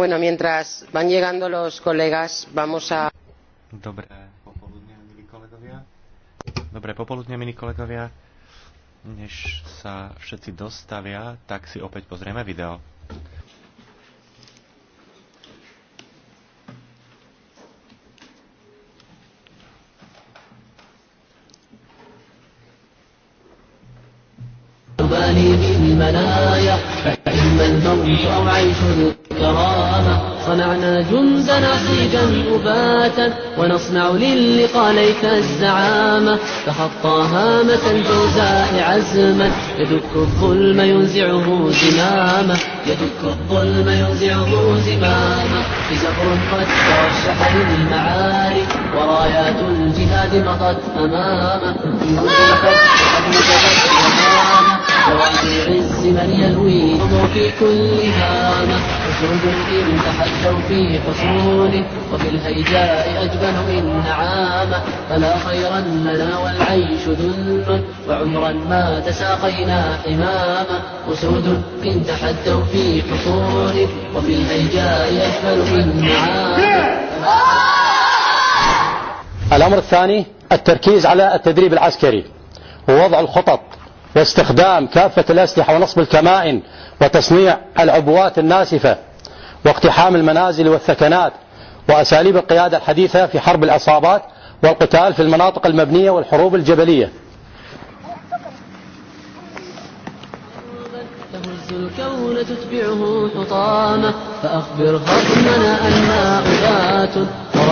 Bueno, mientras van llegando los colegas, vamos a... Dobre popoludne, milí kolegovia. Dobre popoludne, milí kolegovia. Než sa všetci dostavia, tak si opäť pozrieme video. زحامة ونصنع للقى ليث الزعامة فخط هامة الجوزاء عزما يدك الظلم ينزعه زمامة يدك الظلم ينزعه زمامة في بزبر قد ترشح للمعالي ورايات الجهاد مضت أمامة في أمامه قد نجبت أمامه وعز من يلوي في كل هامة جودي من تحدوا في حصوله وفي الهيجاء أجبن من نعامه فلا خيرا لنا والعيش ذل وعمرا ما تساقينا حماما أسود إن تحدوا في حصوله وفي الهيجاء أجبن من نعامه الأمر الثاني التركيز على التدريب العسكري ووضع الخطط واستخدام كافة الأسلحة ونصب الكمائن وتصنيع العبوات الناسفة واقتحام المنازل والثكنات وأساليب القيادة الحديثة في حرب العصابات والقتال في المناطق المبنية والحروب الجبلية الكون تتبعه حطامة فأخبر خصمنا أن أبات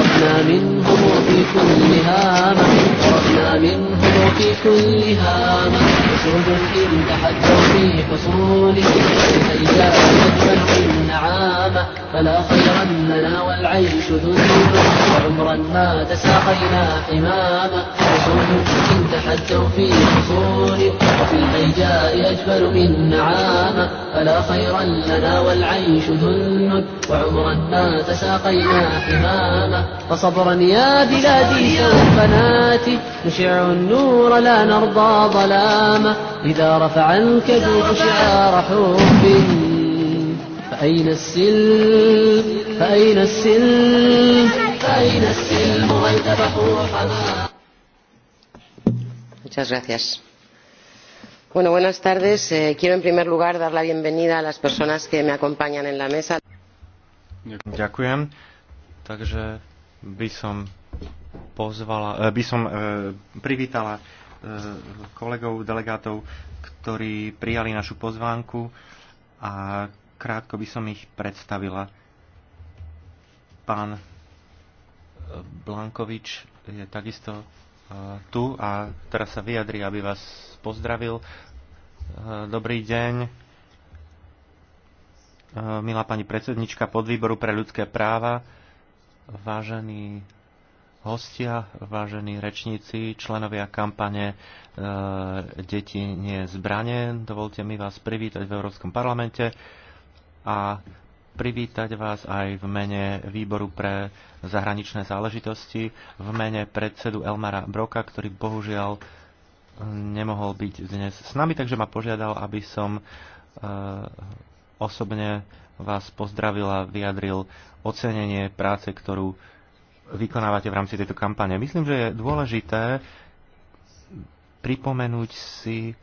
فرقنا منهم في كل هامة فرقنا منهم في كل هامة أسود إن تحدوا في حصوله لكي جاء نجما النعامة فلا خير لنا والعيش ذنوب وعمرا ما تساقينا حماما أسود إن تحدوا في حصوله وفي الهيجاء أجمل من نعامة فلا خير لنا والعيش ذن وعمرا ما تساقينا حماما فصبرا يا بلادي سوف ناتي نشع النور لا نرضى ظلاما إذا رفع الكذوب شعار حب فأين السلم فأين السلم فأين السلم وانتبه حمام Muchas gracias. Bueno, buenas tardes. Eh, quiero en primer lugar dar la bienvenida a las personas que me acompañan en la mesa. Gracias. Entonces by som pozvala, eh, by som eh, privítala eh, kolegov, delegátov, ktorí prijali našu pozvánku a krátko by som ich predstavila. Pán Blankovič je takisto tu a teraz sa vyjadri, aby vás pozdravil. Dobrý deň, milá pani predsednička podvýboru pre ľudské práva Vážení hostia, vážení rečníci, členovia kampane e, Deti nie zbranie, dovolte mi vás privítať v Európskom parlamente a privítať vás aj v mene Výboru pre zahraničné záležitosti, v mene predsedu Elmara Broka, ktorý bohužiaľ e, nemohol byť dnes s nami, takže ma požiadal, aby som e, osobne vás pozdravil a vyjadril ocenenie práce, ktorú vykonávate v rámci tejto kampane. Myslím, že je dôležité pripomenúť si eh,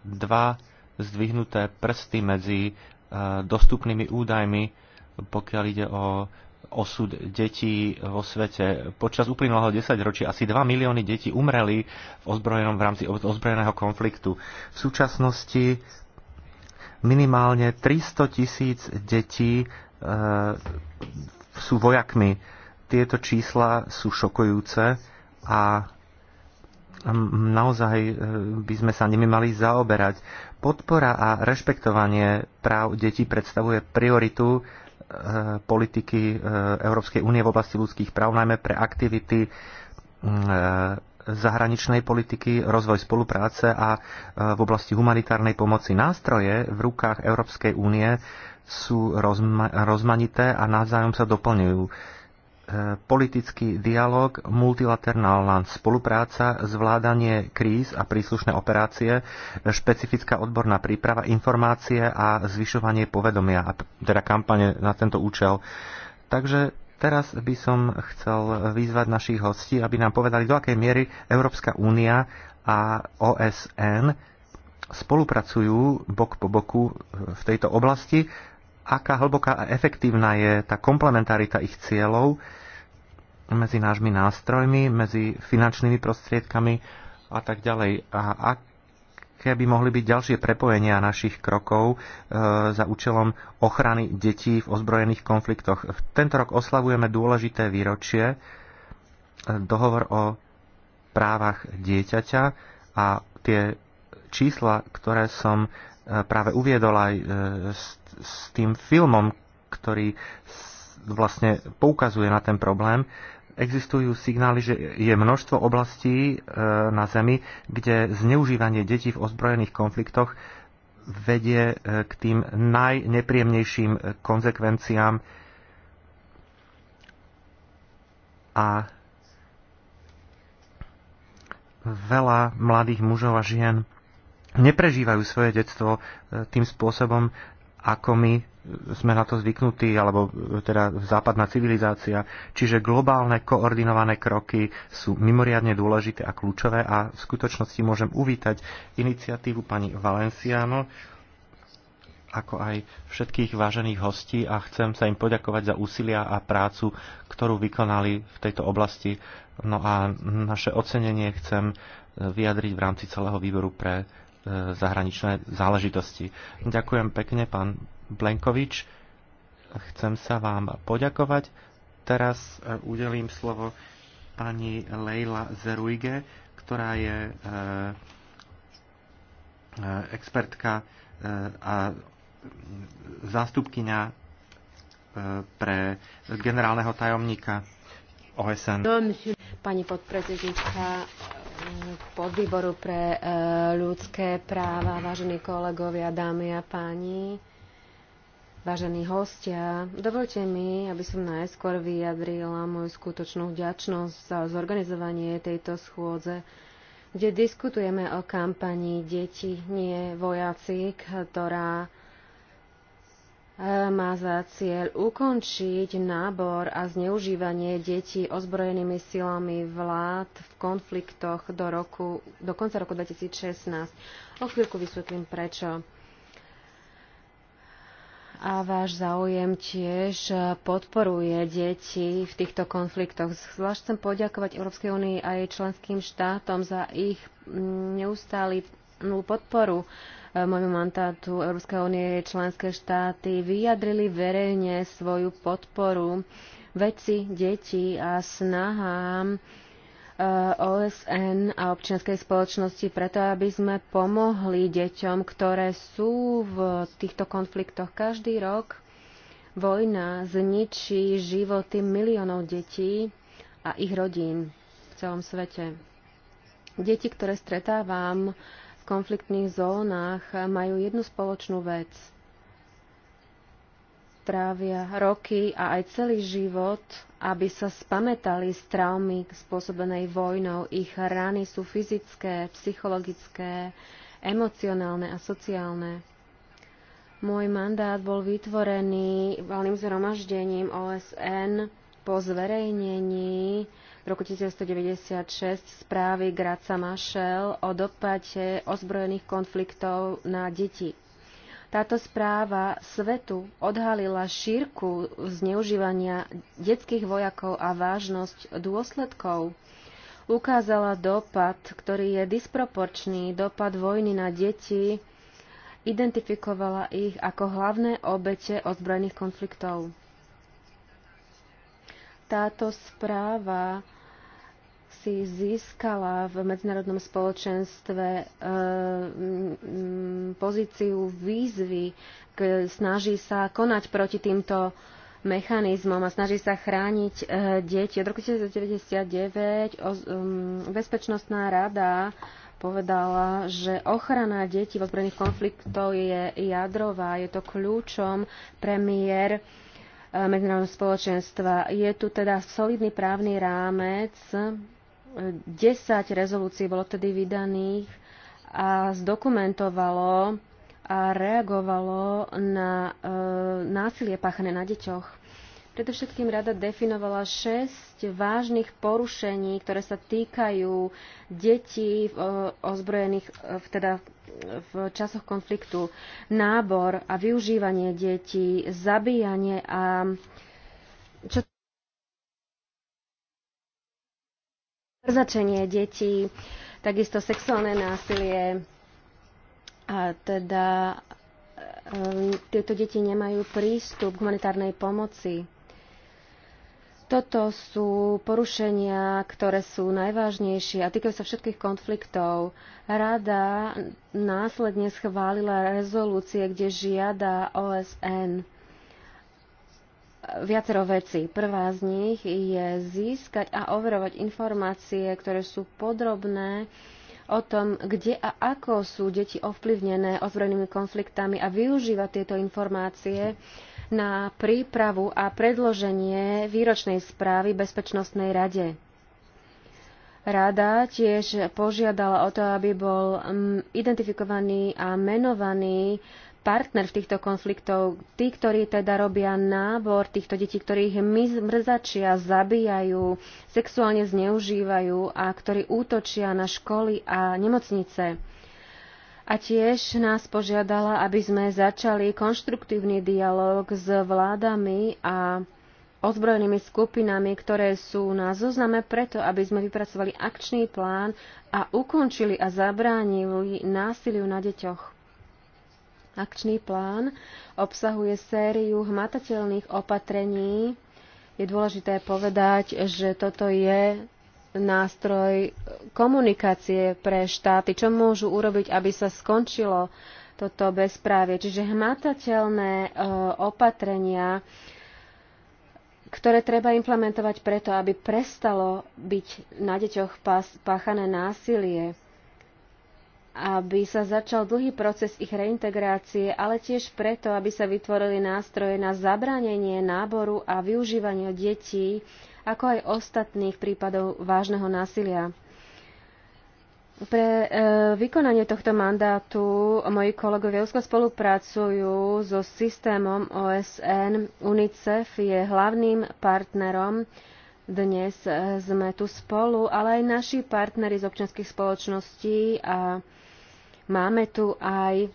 dva zdvihnuté prsty medzi eh, dostupnými údajmi, pokiaľ ide o osud detí vo svete. Počas uplynulého desaťročí asi 2 milióny detí umreli v, ozbrojenom, v rámci ozbrojeného konfliktu. V súčasnosti minimálne 300 tisíc detí e, sú vojakmi. Tieto čísla sú šokujúce a naozaj e, by sme sa nimi mali zaoberať. Podpora a rešpektovanie práv detí predstavuje prioritu e, politiky e, Európskej únie v oblasti ľudských práv, najmä pre aktivity e, zahraničnej politiky, rozvoj spolupráce a e, v oblasti humanitárnej pomoci. Nástroje v rukách Európskej únie sú rozma- rozmanité a navzájom sa doplňujú. E, politický dialog, multilaterálna spolupráca, zvládanie kríz a príslušné operácie, špecifická odborná príprava, informácie a zvyšovanie povedomia, teda kampane na tento účel. Takže Teraz by som chcel vyzvať našich hostí, aby nám povedali, do akej miery Európska únia a OSN spolupracujú bok po boku v tejto oblasti, aká hlboká a efektívna je tá komplementarita ich cieľov medzi nášmi nástrojmi, medzi finančnými prostriedkami a tak ďalej. A ak aké by mohli byť ďalšie prepojenia našich krokov e, za účelom ochrany detí v ozbrojených konfliktoch. Tento rok oslavujeme dôležité výročie, e, dohovor o právach dieťaťa a tie čísla, ktoré som e, práve uviedol aj s, tým filmom, ktorý vlastne poukazuje na ten problém, existujú signály, že je množstvo oblastí e, na Zemi, kde zneužívanie detí v ozbrojených konfliktoch vedie e, k tým najnepríjemnejším e, konzekvenciám a veľa mladých mužov a žien neprežívajú svoje detstvo tým spôsobom, ako my sme na to zvyknutí, alebo e, teda západná civilizácia. Čiže globálne koordinované kroky sú mimoriadne dôležité a kľúčové a v skutočnosti môžem uvítať iniciatívu pani Valenciano, ako aj všetkých vážených hostí a chcem sa im poďakovať za úsilia a prácu, ktorú vykonali v tejto oblasti. No a naše ocenenie chcem e, vyjadriť v rámci celého výboru pre e, zahraničné záležitosti. Ďakujem pekne, pán Blenkovič. Chcem sa vám poďakovať. Teraz e, udelím slovo pani Leila Zeruige, ktorá je e, e, expertka a zástupkyňa pre generálneho tajomníka OSN. Pani podprezidentka podvýboru pre ľudské práva, vážení kolegovia, dámy a páni vážení hostia, dovolte mi, aby som najskôr vyjadrila moju skutočnú vďačnosť za zorganizovanie tejto schôdze, kde diskutujeme o kampanii Deti, nie vojaci, ktorá e, má za cieľ ukončiť nábor a zneužívanie detí ozbrojenými silami vlád v konfliktoch do, roku, do konca roku 2016. O chvíľku vysvetlím prečo a váš záujem tiež e, podporuje deti v týchto konfliktoch. Zvlášť chcem poďakovať Európskej únii a jej členským štátom za ich mm, neustály podporu e, môjmu mandátu Európskej únie jej členské štáty vyjadrili verejne svoju podporu veci deti a snahám Eh, OSN a občianskej spoločnosti preto, aby sme pomohli deťom, ktoré sú v týchto konfliktoch. Každý rok vojna zničí životy miliónov detí a ich rodín v celom svete. Deti, ktoré stretávam v konfliktných zónach, majú jednu spoločnú vec – trávia roky a aj celý život, aby sa spametali z traumy spôsobenej vojnou. Ich rany sú fyzické, psychologické, emocionálne a sociálne. Môj mandát bol vytvorený valným zhromaždením OSN po zverejnení v roku 1996 správy Graca Mašel o dopate ozbrojených konfliktov na deti táto správa svetu odhalila šírku zneužívania detských vojakov a vážnosť dôsledkov. Ukázala dopad, ktorý je disproporčný, dopad vojny na deti, identifikovala ich ako hlavné obete ozbrojených konfliktov. Táto správa si získala v medzinárodnom spoločenstve e, pozíciu výzvy, snaží sa konať proti týmto mechanizmom a snaží sa chrániť e, deti. Od roku 1999 Bezpečnostná rada povedala, že ochrana detí v ozbrojených konfliktov je jadrová, je to kľúčom premiér e, medzinárodného spoločenstva. Je tu teda solidný právny rámec 10 rezolúcií bolo tedy vydaných a zdokumentovalo a reagovalo na e, násilie páchané na deťoch. Predovšetkým rada definovala 6 vážnych porušení, ktoré sa týkajú detí v, e, ozbrojených e, v, teda, v časoch konfliktu. Nábor a využívanie detí, zabíjanie a čo mrzačenie detí, takisto sexuálne násilie. A teda ehm, tieto deti nemajú prístup k humanitárnej pomoci. Toto sú porušenia, ktoré sú najvážnejšie a týkajú sa všetkých konfliktov. Rada následne schválila rezolúcie, kde žiada OSN viacero vecí. Prvá z nich je získať a overovať informácie, ktoré sú podrobné o tom, kde a ako sú deti ovplyvnené ozbrojenými konfliktami a využívať tieto informácie na prípravu a predloženie výročnej správy Bezpečnostnej rade. Rada tiež požiadala o to, aby bol mm, identifikovaný a menovaný partner v týchto konfliktov. Tí, ktorí teda robia nábor týchto detí, ktorých mrzačia, zabíjajú, sexuálne zneužívajú a ktorí útočia na školy a nemocnice. A tiež nás požiadala, aby sme začali konštruktívny dialog s vládami a ozbrojenými skupinami, ktoré sú na zozname preto, aby sme vypracovali akčný plán a ukončili a zabránili násiliu na deťoch. Akčný plán obsahuje sériu hmatateľných opatrení. Je dôležité povedať, že toto je nástroj komunikácie pre štáty, čo môžu urobiť, aby sa skončilo toto bezprávie. Čiže hmatateľné e, opatrenia, ktoré treba implementovať preto, aby prestalo byť na deťoch páchané násilie aby sa začal dlhý proces ich reintegrácie, ale tiež preto, aby sa vytvorili nástroje na zabranenie náboru a využívania detí, ako aj ostatných prípadov vážneho násilia. Pre e, vykonanie tohto mandátu moji kolegovia úzko spolupracujú so systémom OSN. UNICEF je hlavným partnerom dnes e, sme tu spolu, ale aj naši partnery z občianských spoločností a Máme tu aj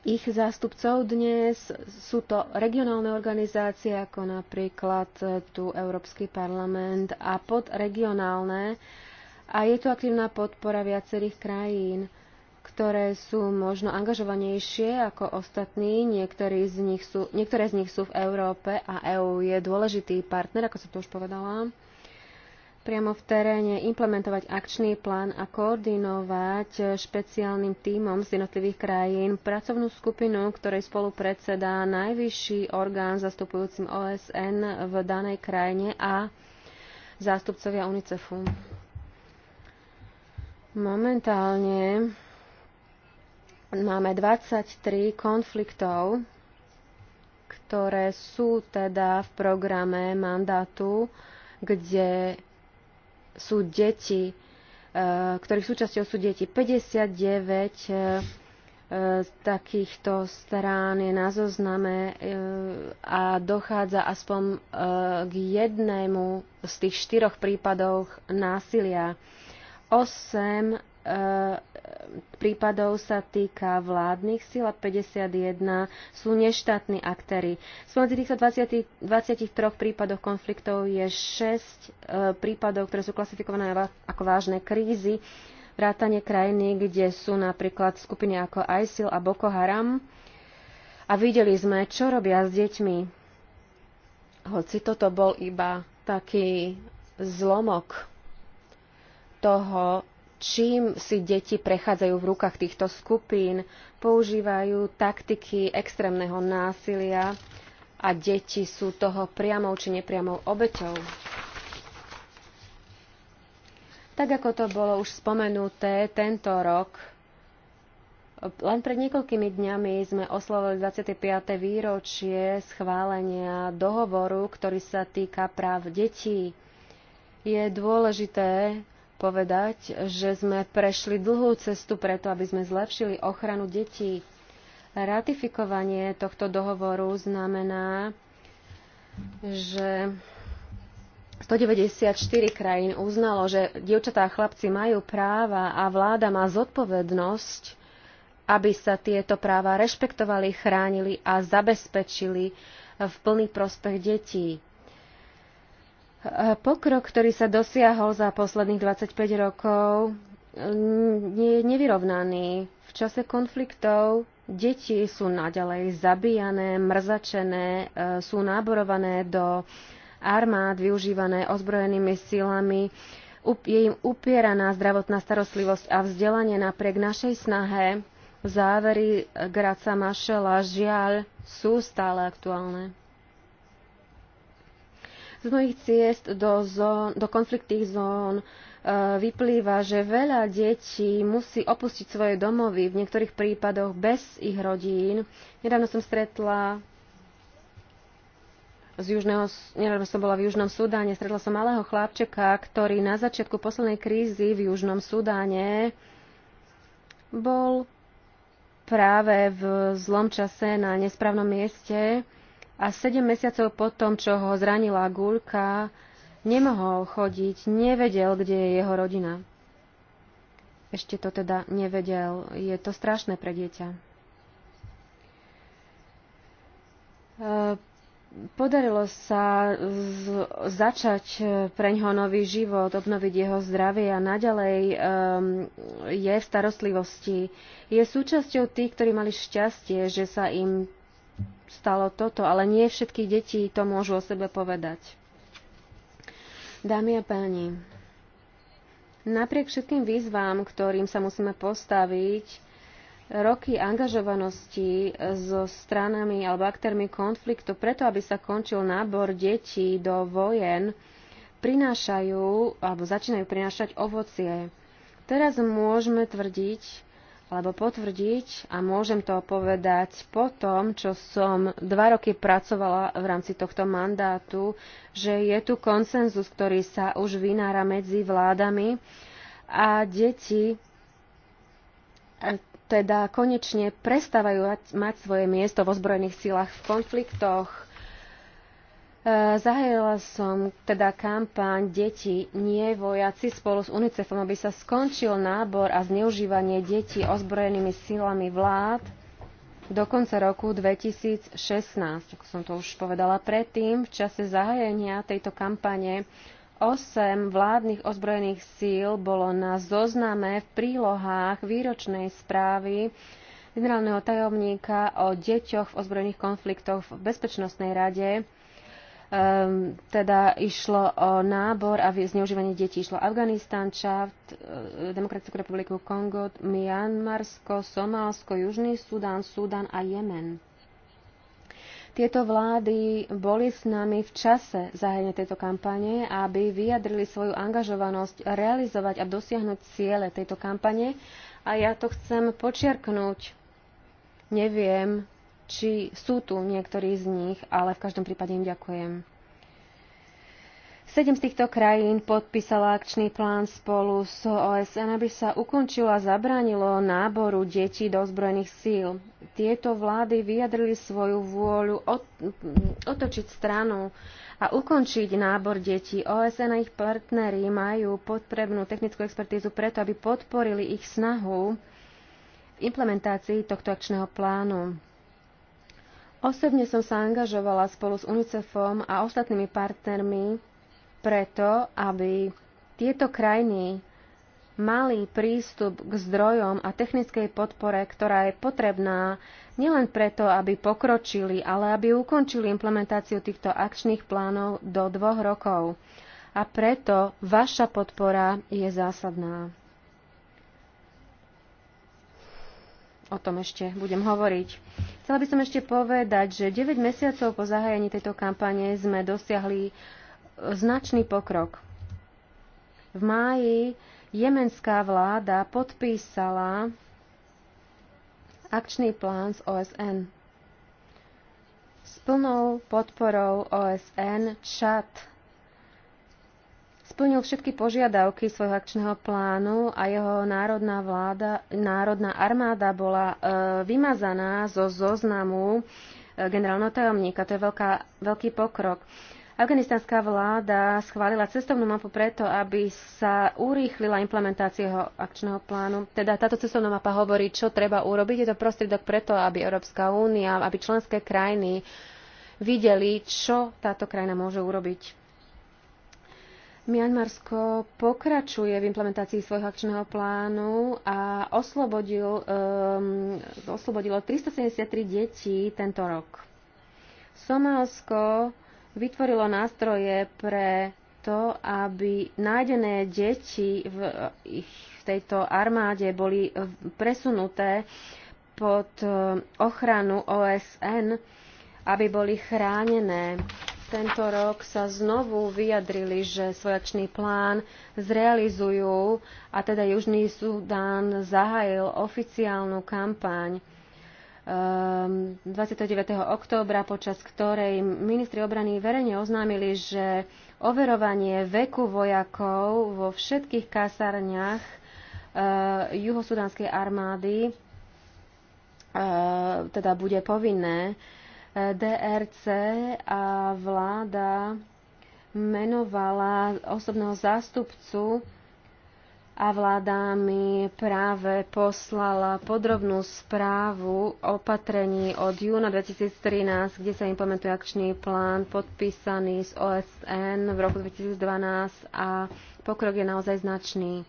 ich zástupcov dnes. Sú to regionálne organizácie, ako napríklad e, tu Európsky parlament a podregionálne. A je tu aktívna podpora viacerých krajín, ktoré sú možno angažovanejšie ako ostatní. Niektorí z nich sú, niektoré z nich sú v Európe a EÚ je dôležitý partner, ako som to už povedala priamo v teréne implementovať akčný plán a koordinovať špeciálnym tímom z jednotlivých krajín pracovnú skupinu, ktorej spolu predsedá najvyšší orgán zastupujúcim OSN v danej krajine a zástupcovia UNICEFu. Momentálne máme 23 konfliktov, ktoré sú teda v programe mandátu, kde sú deti, e, ktorých súčasťou sú deti. 59 z e, e, takýchto strán je na zozname a dochádza aspoň k jednému z tých štyroch prípadov násilia. 8 E, prípadov sa týka vládnych síl a 51 sú neštátni aktéry. Spomedzi týchto 20, 23 prípadoch konfliktov je 6 e, prípadov, ktoré sú klasifikované ako vážne krízy, vrátanie krajiny, kde sú napríklad skupiny ako ISIL a Boko Haram. A videli sme, čo robia s deťmi. Hoci toto bol iba taký zlomok toho, čím si deti prechádzajú v rukách týchto skupín, používajú taktiky extrémneho násilia a deti sú toho priamou či nepriamou obeťou. Tak ako to bolo už spomenuté, tento rok, len pred niekoľkými dňami sme oslovili 25. výročie schválenia dohovoru, ktorý sa týka práv detí. Je dôležité povedať, že sme prešli dlhú cestu preto, aby sme zlepšili ochranu detí. Ratifikovanie tohto dohovoru znamená, že 194 krajín uznalo, že dievčatá a chlapci majú práva a vláda má zodpovednosť, aby sa tieto práva rešpektovali, chránili a zabezpečili v plný prospech detí. Eh, pokrok, ktorý sa dosiahol za posledných 25 rokov, mm, nie je nevyrovnaný. V čase konfliktov deti sú naďalej zabíjané, mrzačené, eh, sú náborované do armád, využívané ozbrojenými silami. Je im upieraná zdravotná starostlivosť a vzdelanie napriek našej snahe. Závery eh, Graca Mašela žiaľ sú stále aktuálne. Z mnohých ciest do, zón, do konfliktných zón e, vyplýva, že veľa detí musí opustiť svoje domovy, v niektorých prípadoch bez ich rodín. Nedávno som stretla z južného, nedávno som bola v Južnom Sudáne, stretla som malého chlapčeka, ktorý na začiatku poslednej krízy v Južnom Sudáne bol práve v zlom čase na nesprávnom mieste a sedem mesiacov po tom, čo ho zranila guľka, nemohol chodiť, nevedel, kde je jeho rodina. Ešte to teda nevedel. Je to strašné pre dieťa. E, podarilo sa začať e, pre ňoho nový život, obnoviť jeho zdravie a naďalej ehm, je v starostlivosti. Je súčasťou tých, ktorí mali šťastie, že sa im stalo toto, ale nie všetky deti to môžu o sebe povedať. Dámy a páni, napriek všetkým výzvám, ktorým sa musíme postaviť, roky angažovanosti so stranami alebo aktérmi konfliktu preto, aby sa končil nábor detí do vojen, prinášajú alebo začínajú prinášať ovocie. Teraz môžeme tvrdiť, alebo potvrdiť, a môžem to povedať po tom, čo som dva roky pracovala v rámci tohto mandátu, že je tu konsenzus, ktorý sa už vynára medzi vládami a deti e, teda konečne prestávajú mať svoje miesto v ozbrojených silách v konfliktoch Eh, zahájila som teda kampaň Deti nie vojaci spolu s UNICEFom, aby sa skončil nábor a zneužívanie detí ozbrojenými silami vlád do konca roku 2016. Ako som to už povedala predtým, v čase zahájenia tejto kampane 8 vládnych ozbrojených síl bolo na zozname v prílohách výročnej správy generálneho tajomníka o deťoch v ozbrojených konfliktoch v Bezpečnostnej rade Um, teda išlo o nábor a zneužívanie detí. Išlo Afganistán, Čad, e, Demokratickú republiku Kongo, Mianmarsko, Somálsko, Južný Sudán, Sudán a Jemen. Tieto vlády boli s nami v čase zahájenia tejto kampane, aby vyjadrili svoju angažovanosť realizovať a dosiahnuť ciele tejto kampane. A ja to chcem počiarknúť. Neviem, či sú tu niektorí z nich, ale v každom prípade im ďakujem. Sedem z týchto krajín podpísala akčný plán spolu s OSN, aby sa ukončilo a zabránilo náboru detí do zbrojných síl. Tieto vlády vyjadrili svoju vôľu otočiť stranu a ukončiť nábor detí. OSN a ich partneri majú potrebnú technickú expertízu preto, aby podporili ich snahu v implementácii tohto akčného plánu. Osobne som sa angažovala spolu s UNICEFom a ostatnými partnermi preto, aby tieto krajiny mali prístup k zdrojom a technickej podpore, ktorá je potrebná nielen preto, aby pokročili, ale aby ukončili implementáciu týchto akčných plánov do dvoch rokov. A preto vaša podpora je zásadná. O tom ešte budem hovoriť. Chcela by som ešte povedať, že 9 mesiacov po zahájení tejto kampane sme dosiahli e, značný pokrok. V máji jemenská vláda podpísala akčný plán z OSN. S plnou podporou OSN Čad splnil všetky požiadavky svojho akčného plánu a jeho národná, vláda, národná armáda bola e, vymazaná zo zoznamu e, generálneho tajomníka. To je veľká, veľký pokrok. Afganistánska vláda schválila cestovnú mapu preto, aby sa urýchlila implementácia jeho akčného plánu. Teda táto cestovná mapa hovorí, čo treba urobiť. Je to prostriedok preto, aby Európska únia, aby členské krajiny videli, čo táto krajina môže urobiť Mianmarsko pokračuje v implementácii svojho akčného plánu a oslobodil, um, oslobodilo 373 detí tento rok. Somálsko vytvorilo nástroje pre to, aby nájdené deti v, ich, v tejto armáde boli um, presunuté pod um, ochranu OSN, aby boli chránené tento rok sa znovu vyjadrili, že svoj akčný plán zrealizujú a teda Južný Sudán zahájil oficiálnu kampaň 29. Ehm, októbra, počas ktorej ministri obrany verejne oznámili, že overovanie veku vojakov vo všetkých kasárniach eh, juhosudánskej armády eh, teda bude povinné DRC a vláda menovala osobného zástupcu a vláda mi práve poslala podrobnú správu opatrení od júna 2013, kde sa implementuje akčný plán podpísaný z OSN v roku 2012 a pokrok je naozaj značný.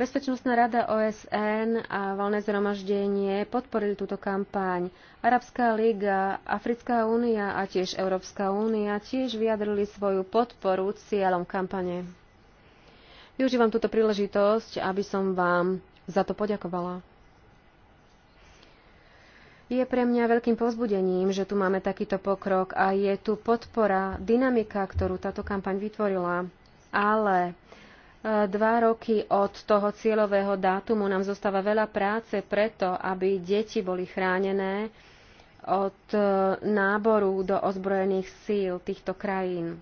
Bezpečnostná rada OSN a valné zhromaždenie podporili túto kampaň. Arabská liga, Africká únia a tiež Európska únia tiež vyjadrili svoju podporu cieľom kampane. Využívam túto príležitosť, aby som vám za to poďakovala. Je pre mňa veľkým povzbudením, že tu máme takýto pokrok a je tu podpora, dynamika, ktorú táto kampaň vytvorila. Ale Dva roky od toho cieľového dátumu nám zostáva veľa práce preto, aby deti boli chránené od e, náboru do ozbrojených síl týchto krajín.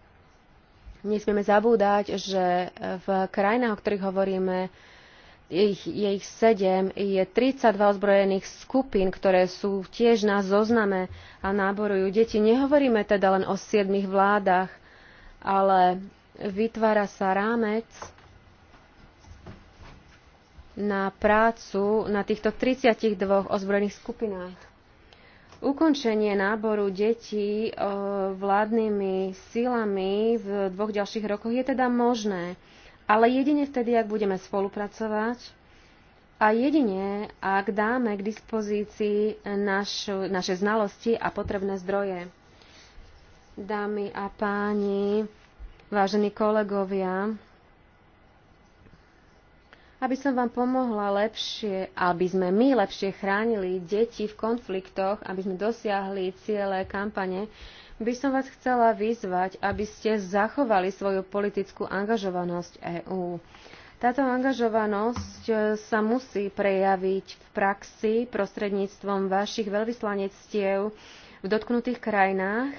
Nesmieme zabúdať, že e, v krajinách, o ktorých hovoríme, ich, je ich sedem, je 32 ozbrojených skupín, ktoré sú tiež na zozname a náborujú deti. Nehovoríme teda len o siedmých vládach, ale vytvára sa rámec na prácu na týchto 32 ozbrojených skupinách. Ukončenie náboru detí e, vládnymi silami v dvoch ďalších rokoch je teda možné, ale jedine vtedy, ak budeme spolupracovať a jedine, ak dáme k dispozícii naš, naše znalosti a potrebné zdroje. Dámy a páni, vážení kolegovia, aby som vám pomohla lepšie, aby sme my lepšie chránili deti v konfliktoch, aby sme dosiahli ciele kampane, by som vás chcela vyzvať, aby ste zachovali svoju politickú angažovanosť EÚ. Táto angažovanosť e, sa musí prejaviť v praxi prostredníctvom vašich veľvyslanectiev v dotknutých krajinách,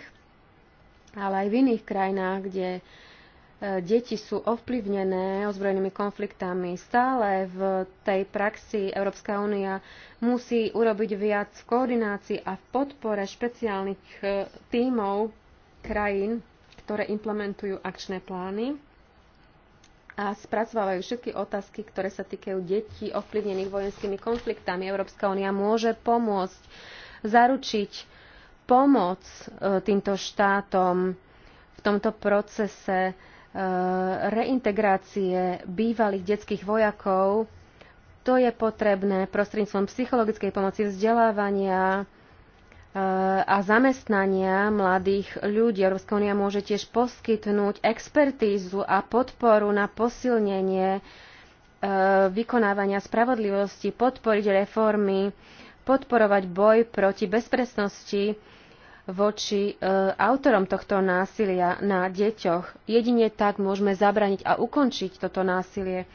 ale aj v iných krajinách, kde deti sú ovplyvnené ozbrojenými konfliktami. Stále v tej praxi Európska únia musí urobiť viac v koordinácii a v podpore špeciálnych e, tímov krajín, ktoré implementujú akčné plány a spracovávajú všetky otázky, ktoré sa týkajú detí ovplyvnených vojenskými konfliktami. Európska únia môže pomôcť zaručiť pomoc e, týmto štátom v tomto procese Eh, reintegrácie bývalých detských vojakov. To je potrebné prostredníctvom psychologickej pomoci vzdelávania eh, a zamestnania mladých ľudí. Európska únia môže tiež poskytnúť expertízu a podporu na posilnenie eh, vykonávania spravodlivosti, podporiť reformy, podporovať boj proti bezpresnosti voči e, autorom tohto násilia na deťoch. Jedine tak môžeme zabraniť a ukončiť toto násilie.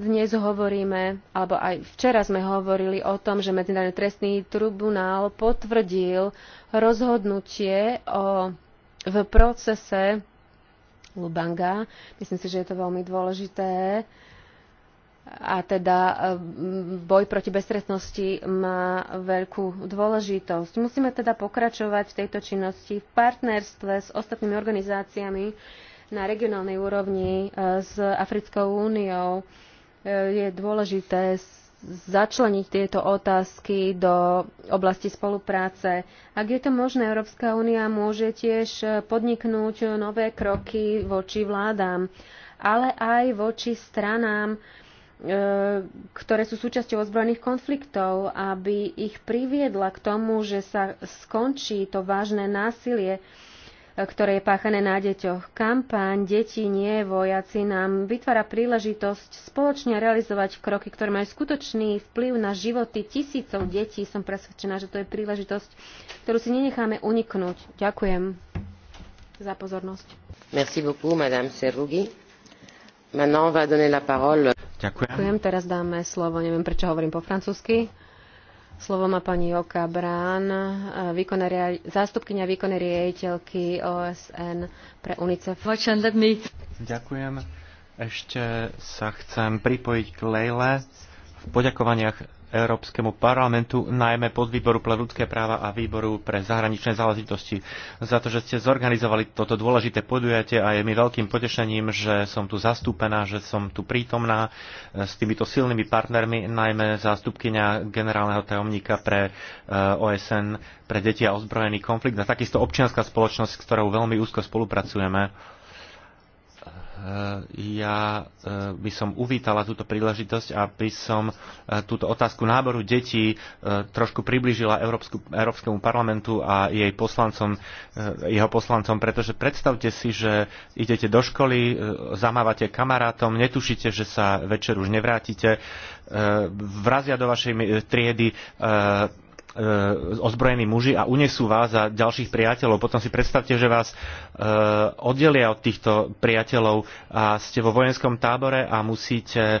Dnes hovoríme, alebo aj včera sme hovorili o tom, že Medzinárodný trestný tribunál potvrdil rozhodnutie o, v procese Lubanga. Myslím si, že je to veľmi dôležité. E, a teda e, boj proti beztrestnosti má veľkú dôležitosť. Musíme teda pokračovať v tejto činnosti v partnerstve s ostatnými organizáciami na regionálnej úrovni e, s Africkou úniou. E, je dôležité začleniť tieto otázky do oblasti spolupráce. Ak je to možné, Európska únia môže tiež podniknúť nové kroky voči vládám, ale aj voči stranám, E, ktoré sú súčasťou ozbrojených konfliktov, aby ich priviedla k tomu, že sa skončí to vážne násilie, e, ktoré je páchané na deťoch. Kampaň Deti nie vojaci nám vytvára príležitosť spoločne realizovať kroky, ktoré majú skutočný vplyv na životy tisícov detí. Som presvedčená, že to je príležitosť, ktorú si nenecháme uniknúť. Ďakujem za pozornosť. Merci beaucoup, madame Serrugi. Maintenant, on va donner la parole. Ďakujem. Ďakujem. Teraz dáme slovo, neviem prečo hovorím po francúzsky. Slovo má pani Joka Brán, výkonné, zástupkynia výkonnej riaditeľky OSN pre UNICEF. Ďakujem. Ešte sa chcem pripojiť k Lejle v poďakovaniach Európskemu parlamentu, najmä pod výboru pre ľudské práva a výboru pre zahraničné záležitosti, za to, že ste zorganizovali toto dôležité podujatie a je mi veľkým potešením, že som tu zastúpená, že som tu prítomná e, s týmito silnými partnermi, najmä zástupkynia generálneho tajomníka pre e, OSN pre deti a ozbrojený konflikt a takisto občianská spoločnosť, s ktorou veľmi úzko spolupracujeme Eh, ja eh, by som uvítala túto príležitosť, aby som eh, túto otázku náboru detí trošku priblížila Európsku, Európskemu parlamentu a jej poslancom, jeho poslancom, pretože predstavte si, že idete do školy, zamávate kamarátom, netušíte, že sa večer už nevrátite, vrazia do vašej triedy E, ozbrojení muži a unesú vás a ďalších priateľov. Potom si predstavte, že vás e, oddelia od týchto priateľov a ste vo vojenskom tábore a musíte e,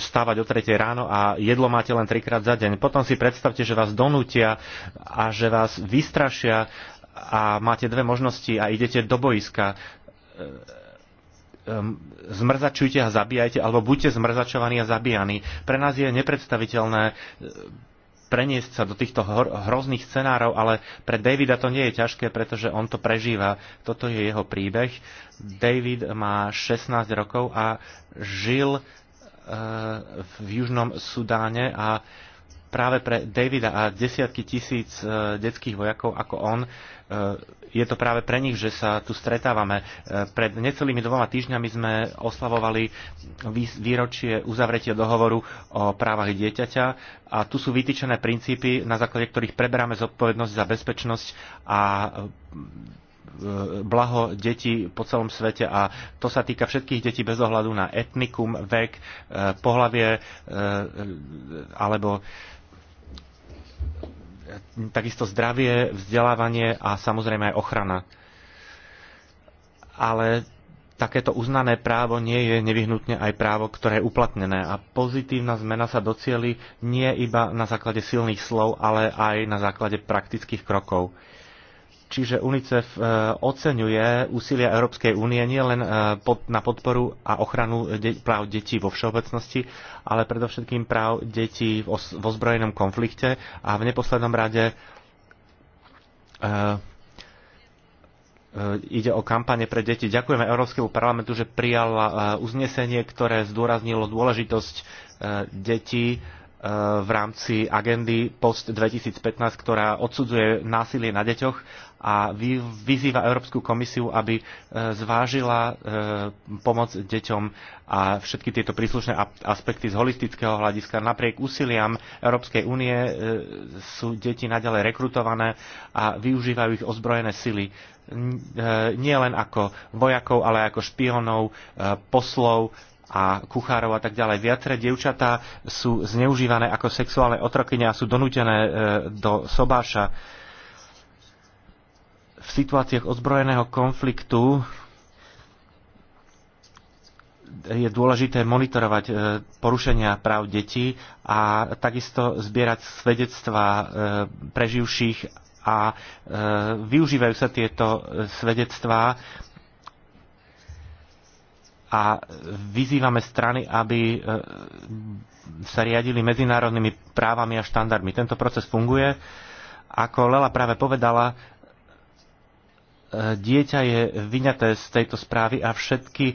stávať o 3 ráno a jedlo máte len trikrát za deň. Potom si predstavte, že vás donútia a že vás vystrašia a máte dve možnosti a idete do boiska zmrzačujte a zabíjajte, alebo buďte zmrzačovaní a zabíjani. Pre nás je nepredstaviteľné preniesť sa do týchto hrozných scenárov, ale pre Davida to nie je ťažké, pretože on to prežíva. Toto je jeho príbeh. David má 16 rokov a žil e, v Južnom Sudáne a práve pre Davida a desiatky tisíc e, detských vojakov ako on e, je to práve pre nich, že sa tu stretávame. E, pred necelými dvoma týždňami sme oslavovali výročie uzavretia dohovoru o právach dieťaťa a tu sú vytýčené princípy, na základe ktorých preberáme zodpovednosť za bezpečnosť a e, blaho detí po celom svete a to sa týka všetkých detí bez ohľadu na etnikum, vek, e, pohlavie alebo takisto zdravie, vzdelávanie a samozrejme aj ochrana. Ale takéto uznané právo nie je nevyhnutne aj právo, ktoré je uplatnené. A pozitívna zmena sa docieli nie iba na základe silných slov, ale aj na základe praktických krokov. Čiže UNICEF e, oceňuje úsilia Európskej únie nielen e, na podporu a ochranu práv detí vo všeobecnosti, ale predovšetkým práv detí v ozbrojenom konflikte a v neposlednom rade e, ide o kampane pre deti. Ďakujeme Európskemu parlamentu, že prijala uznesenie, ktoré zdôraznilo dôležitosť detí E, v rámci agendy Post 2015, ktorá odsudzuje násilie na deťoch a vyzýva Európsku komisiu, aby e, zvážila e, pomoc deťom a všetky tieto príslušné aspekty z holistického hľadiska. Napriek úsiliam Európskej únie sú deti nadalej rekrutované a využívajú ich ozbrojené sily nie len ako vojakov, ale ako špionov, poslov, a kuchárov a tak ďalej. Viaceré dievčatá sú zneužívané ako sexuálne otrokyne a sú donútené e, do sobáša. V situáciách ozbrojeného konfliktu je dôležité monitorovať e, porušenia práv detí a takisto zbierať svedectvá e, preživších a využívajú sa tieto svedectvá a vyzývame strany, aby e, sa riadili medzinárodnými právami a štandardmi. Tento proces funguje. Ako Lela práve povedala, e, dieťa je vyňaté z tejto správy a všetky e,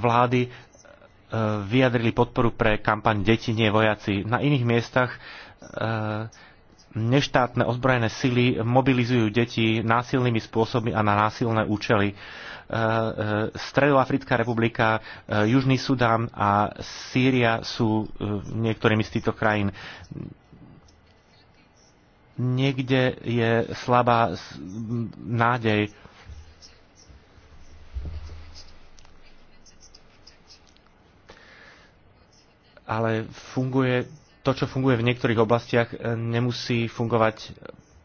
vlády vyjadrili podporu pre kampaň Deti nie vojaci. Na iných miestach neštátne ozbrojené sily mobilizujú deti násilnými spôsobmi a na násilné účely. E, e, Stredoafrická republika, e, Južný Sudán a Sýria sú niektorými z týchto krajín. Niekde je slabá nádej. Ale funguje to, čo funguje v niektorých oblastiach, e, nemusí fungovať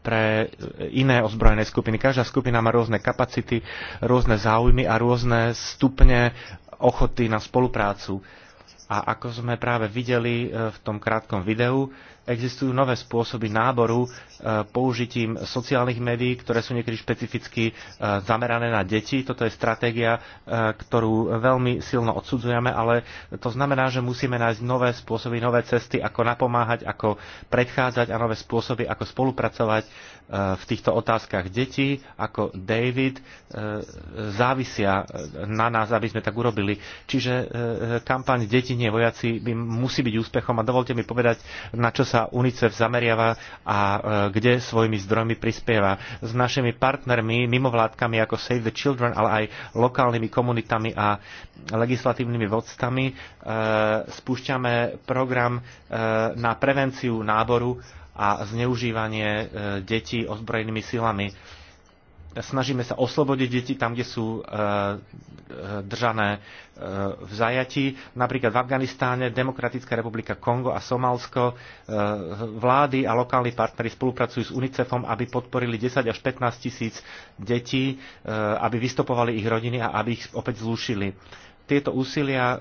pre iné ozbrojené skupiny. Každá skupina má rôzne kapacity, rôzne záujmy a rôzne stupne ochoty na spoluprácu. A ako sme práve videli e, v tom krátkom videu, existujú nové spôsoby náboru e, použitím sociálnych médií, ktoré sú niekedy špecificky e, zamerané na deti. Toto je stratégia, e, ktorú veľmi silno odsudzujeme, ale to znamená, že musíme nájsť nové spôsoby, nové cesty, ako napomáhať, ako predchádzať a nové spôsoby, ako spolupracovať v týchto otázkach. Detí ako David závisia na nás, aby sme tak urobili. Čiže kampaň Deti nie vojaci by musí byť úspechom a dovolte mi povedať, na čo sa sa UNICEF zameriava a e, kde svojimi zdrojmi prispieva. S našimi partnermi, mimovládkami ako Save the Children, ale aj lokálnymi komunitami a legislatívnymi vodcami e, spúšťame program e, na prevenciu náboru a zneužívanie detí ozbrojenými silami snažíme sa oslobodiť deti tam, kde sú e, e, držané e, v zajatí. Napríklad v Afganistáne, Demokratická republika Kongo a Somálsko vlády a lokálni partnery spolupracujú s UNICEFom, aby podporili 10 až 15 tisíc detí, aby vystopovali ich rodiny a aby ich opäť zlúšili tieto úsilia e,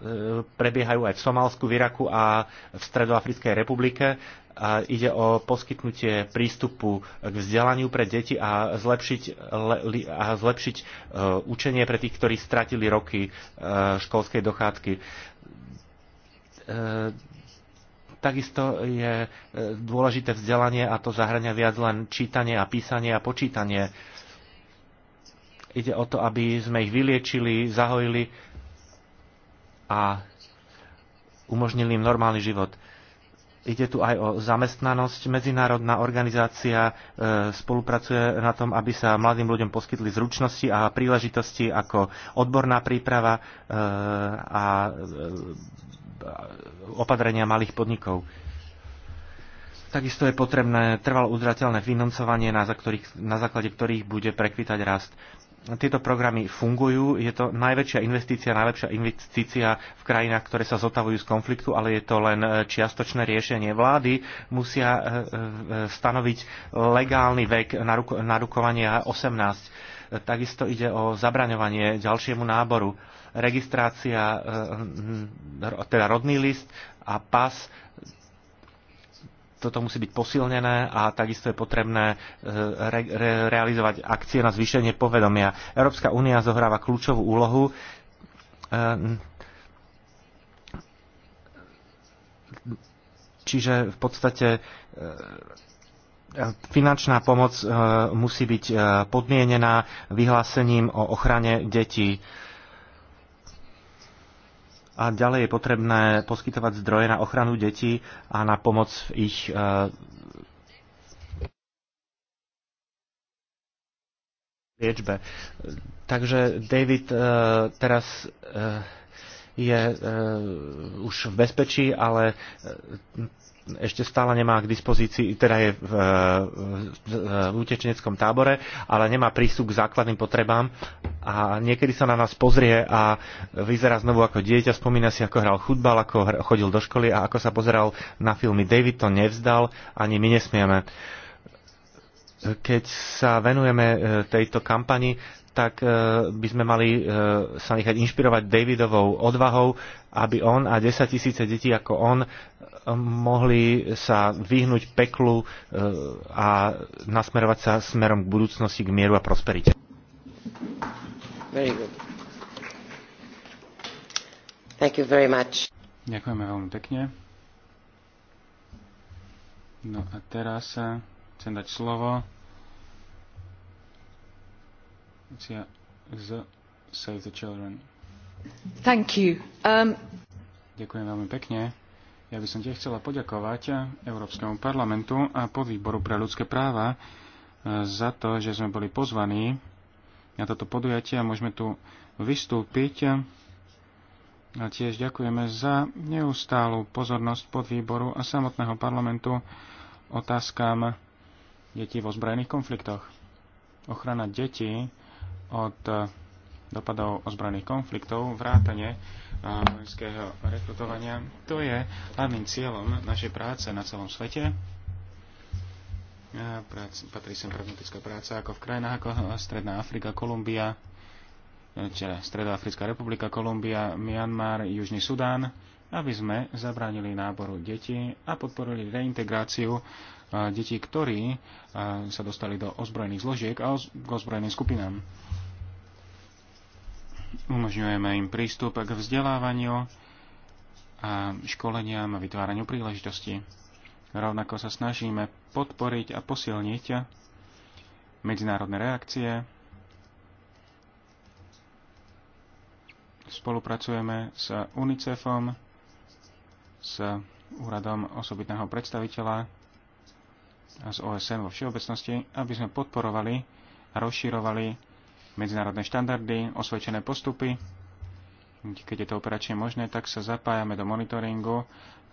prebiehajú aj v Somálsku, v Iraku a v Stredoafrickej republike. A e, ide o poskytnutie prístupu k vzdelaniu pre deti a zlepšiť, a zlepšiť e, učenie pre tých, ktorí stratili roky školskej dochádzky. Takisto je dôležité vzdelanie a to zahrania viac len čítanie a písanie a počítanie. Ide o to, aby sme ich vyliečili, zahojili a umožnili im normálny život. Ide tu aj o zamestnanosť. Medzinárodná organizácia e, spolupracuje na tom, aby sa mladým ľuďom poskytli zručnosti a príležitosti ako odborná príprava e, a e, opatrenia malých podnikov. Takisto je potrebné trvalo udržateľné financovanie, na, ktorých, na základe ktorých bude prekvitať rast tieto programy fungujú. Je to najväčšia investícia, najlepšia investícia v krajinách, ktoré sa zotavujú z konfliktu, ale je to len eh, čiastočné riešenie. Vlády musia eh, eh, stanoviť legálny vek narukovania 18. Takisto ide o zabraňovanie ďalšiemu náboru. Registrácia, teda rodný list a pas toto musí byť posilnené a takisto je potrebné e, re, re, realizovať akcie na zvýšenie povedomia. Európska únia zohráva kľúčovú úlohu e, Čiže v podstate e, finančná pomoc musí byť podmienená vyhlásením o ochrane detí a ďalej je potrebné poskytovať zdroje na ochranu detí a na pomoc v ich e, liečbe. Takže David e, teraz e, je už v bezpečí, ale ešte stále nemá k dispozícii, teda je v, útečeneckom tábore, ale nemá prístup k základným potrebám a niekedy sa na nás pozrie a vyzerá znovu ako dieťa, spomína si, ako hral futbal, ako chodil do školy a ako sa pozeral na filmy. David to nevzdal, ani my nesmieme. Keď sa venujeme e, tejto kampani, tak e, by sme mali e, sa nechať inšpirovať Davidovou odvahou, aby on a 10 tisíce detí ako on mohli sa vyhnúť peklu e, a nasmerovať sa smerom k budúcnosti, k mieru a prosperite. Very good. Thank you very much. Ďakujeme veľmi pekne. No a teraz e, chcem dať slovo z Save the Children. Thank you. Um... Ďakujem veľmi pekne ja by som tiež chcela poďakovať Európskemu parlamentu a podvýboru pre ľudské práva e, za to, že sme boli pozvaní na toto podujatie a môžeme tu vystúpiť. A tiež ďakujeme za neustálu pozornosť podvýboru a samotného parlamentu otázkam detí vo zbrojených konfliktoch. Ochrana detí od dopadov ozbrojených konfliktov, vrátane vojenského rekrutovania. To je hlavným cieľom našej práce na celom svete. Prác, patrí sem pragmatická práca ako v krajinách ako Stredná Afrika, Kolumbia, e, teda Stredoafrická republika, Kolumbia, Myanmar, Južný Sudán, aby sme zabránili náboru detí a podporili reintegráciu detí, ktorí sa dostali do ozbrojených zložiek a k ozbrojeným skupinám Umožňujeme im prístup k vzdelávaniu a školeniam a vytváraniu príležitostí. Rovnako sa snažíme podporiť a posilniť medzinárodné reakcie. Spolupracujeme s UNICEFom, s úradom osobitného predstaviteľa a s OSN vo všeobecnosti, aby sme podporovali a rozširovali medzinárodné štandardy, osvedčené postupy. Keď je to operačne možné, tak sa zapájame do monitoringu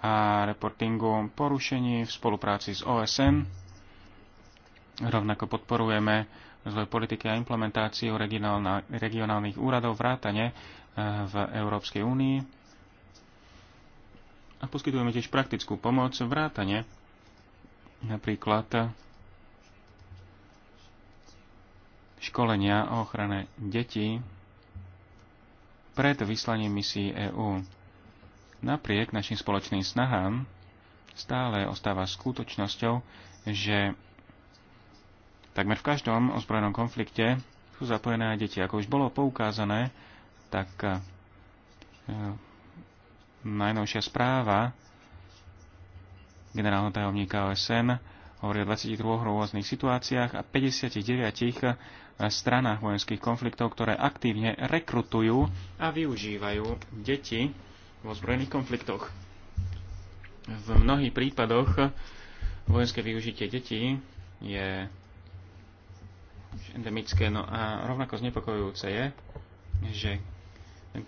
a reportingu porušení v spolupráci s OSN. Rovnako podporujeme rozvoj politiky a implementáciu regionálnych úradov vrátane eh, v Európskej únii. A poskytujeme tiež praktickú pomoc vrátane napríklad školenia o ochrane detí pred vyslaním misií EÚ. Napriek našim spoločným snahám stále ostáva skutočnosťou, že takmer v každom ozbrojenom konflikte sú zapojené aj deti. Ako už bolo poukázané, tak e, najnovšia správa generálneho tajomníka OSN hovorí o 22 rôznych situáciách a 59 eh, stranách vojenských konfliktov, ktoré aktívne rekrutujú a využívajú deti vo zbrojených konfliktoch. V mnohých prípadoch eh, vojenské využitie detí je endemické, no a rovnako znepokojujúce je, že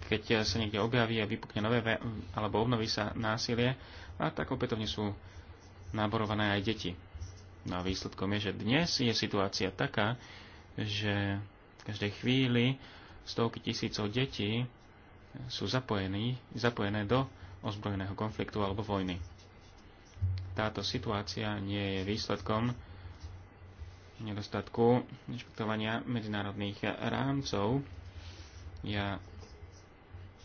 keď sa niekde objaví a vypukne nové alebo obnoví sa násilie, a tak opätovne sú náborované aj deti. No a výsledkom je, že dnes je situácia taká, že v každej chvíli stovky tisícov detí sú zapojení, zapojené do ozbrojeného konfliktu alebo vojny. Táto situácia nie je výsledkom nedostatku rešpektovania medzinárodných rámcov. Ja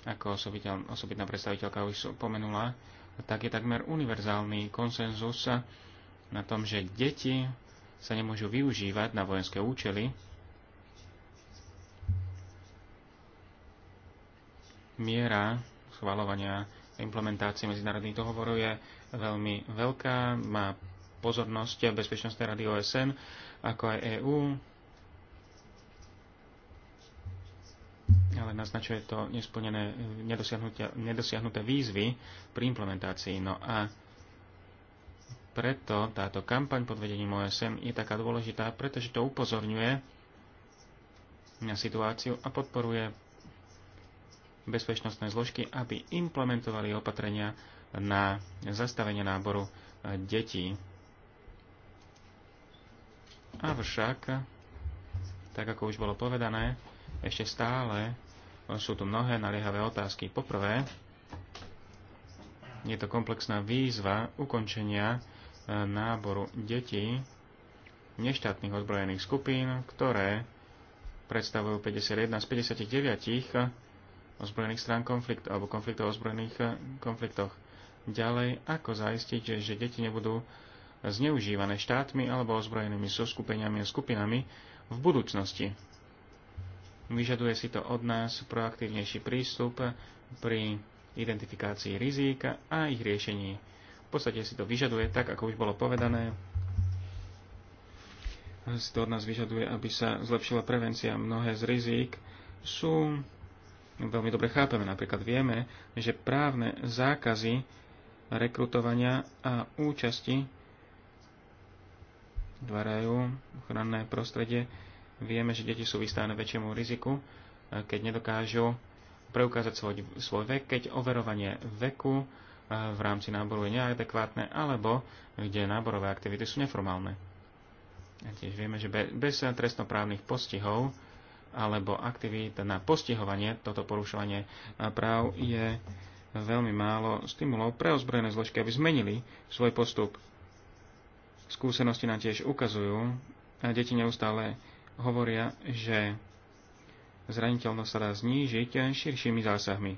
ako osobitná predstaviteľka už pomenula, tak je takmer univerzálny konsenzus na tom, že deti sa nemôžu využívať na vojenské účely. Miera schvalovania a implementácie medzinárodných dohovorov je veľmi veľká, má pozornosť Bezpečnostnej rady OSN, ako aj EÚ, ale naznačuje to nesplnené, nedosiahnuté výzvy pri implementácii. No a preto táto kampaň pod vedením OSN je taká dôležitá, pretože to upozorňuje na situáciu a podporuje bezpečnostné zložky, aby implementovali opatrenia na zastavenie náboru detí. Avšak, tak ako už bolo povedané, ešte stále sú tu mnohé naliehavé otázky. Poprvé, je to komplexná výzva ukončenia náboru detí neštátnych ozbrojených skupín, ktoré predstavujú 51 z 59 ozbrojených strán konflikt, alebo konfliktov ozbrojených eh, konfliktoch. Ďalej, ako zaistiť, že, že deti nebudú zneužívané štátmi alebo ozbrojenými zoskupeniami a skupinami v budúcnosti. Vyžaduje si to od nás proaktívnejší prístup pri identifikácii rizík a ich riešení v podstate si to vyžaduje, tak ako už bolo povedané, si to od nás vyžaduje, aby sa zlepšila prevencia. Mnohé z rizík sú, veľmi dobre chápeme, napríklad vieme, že právne zákazy rekrutovania a účasti dvarajú ochranné prostredie. Vieme, že deti sú vystavené väčšiemu riziku, keď nedokážu preukázať svoj, svoj vek, keď overovanie veku v rámci náboru je neadekvátne, alebo kde náborové aktivity sú neformálne. A tiež vieme, že bez trestnoprávnych postihov alebo aktivít na postihovanie toto porušovanie práv je veľmi málo stimulov pre ozbrojené zložky, aby zmenili svoj postup. Skúsenosti nám tiež ukazujú, a deti neustále hovoria, že zraniteľnosť sa dá znížiť širšími zásahmi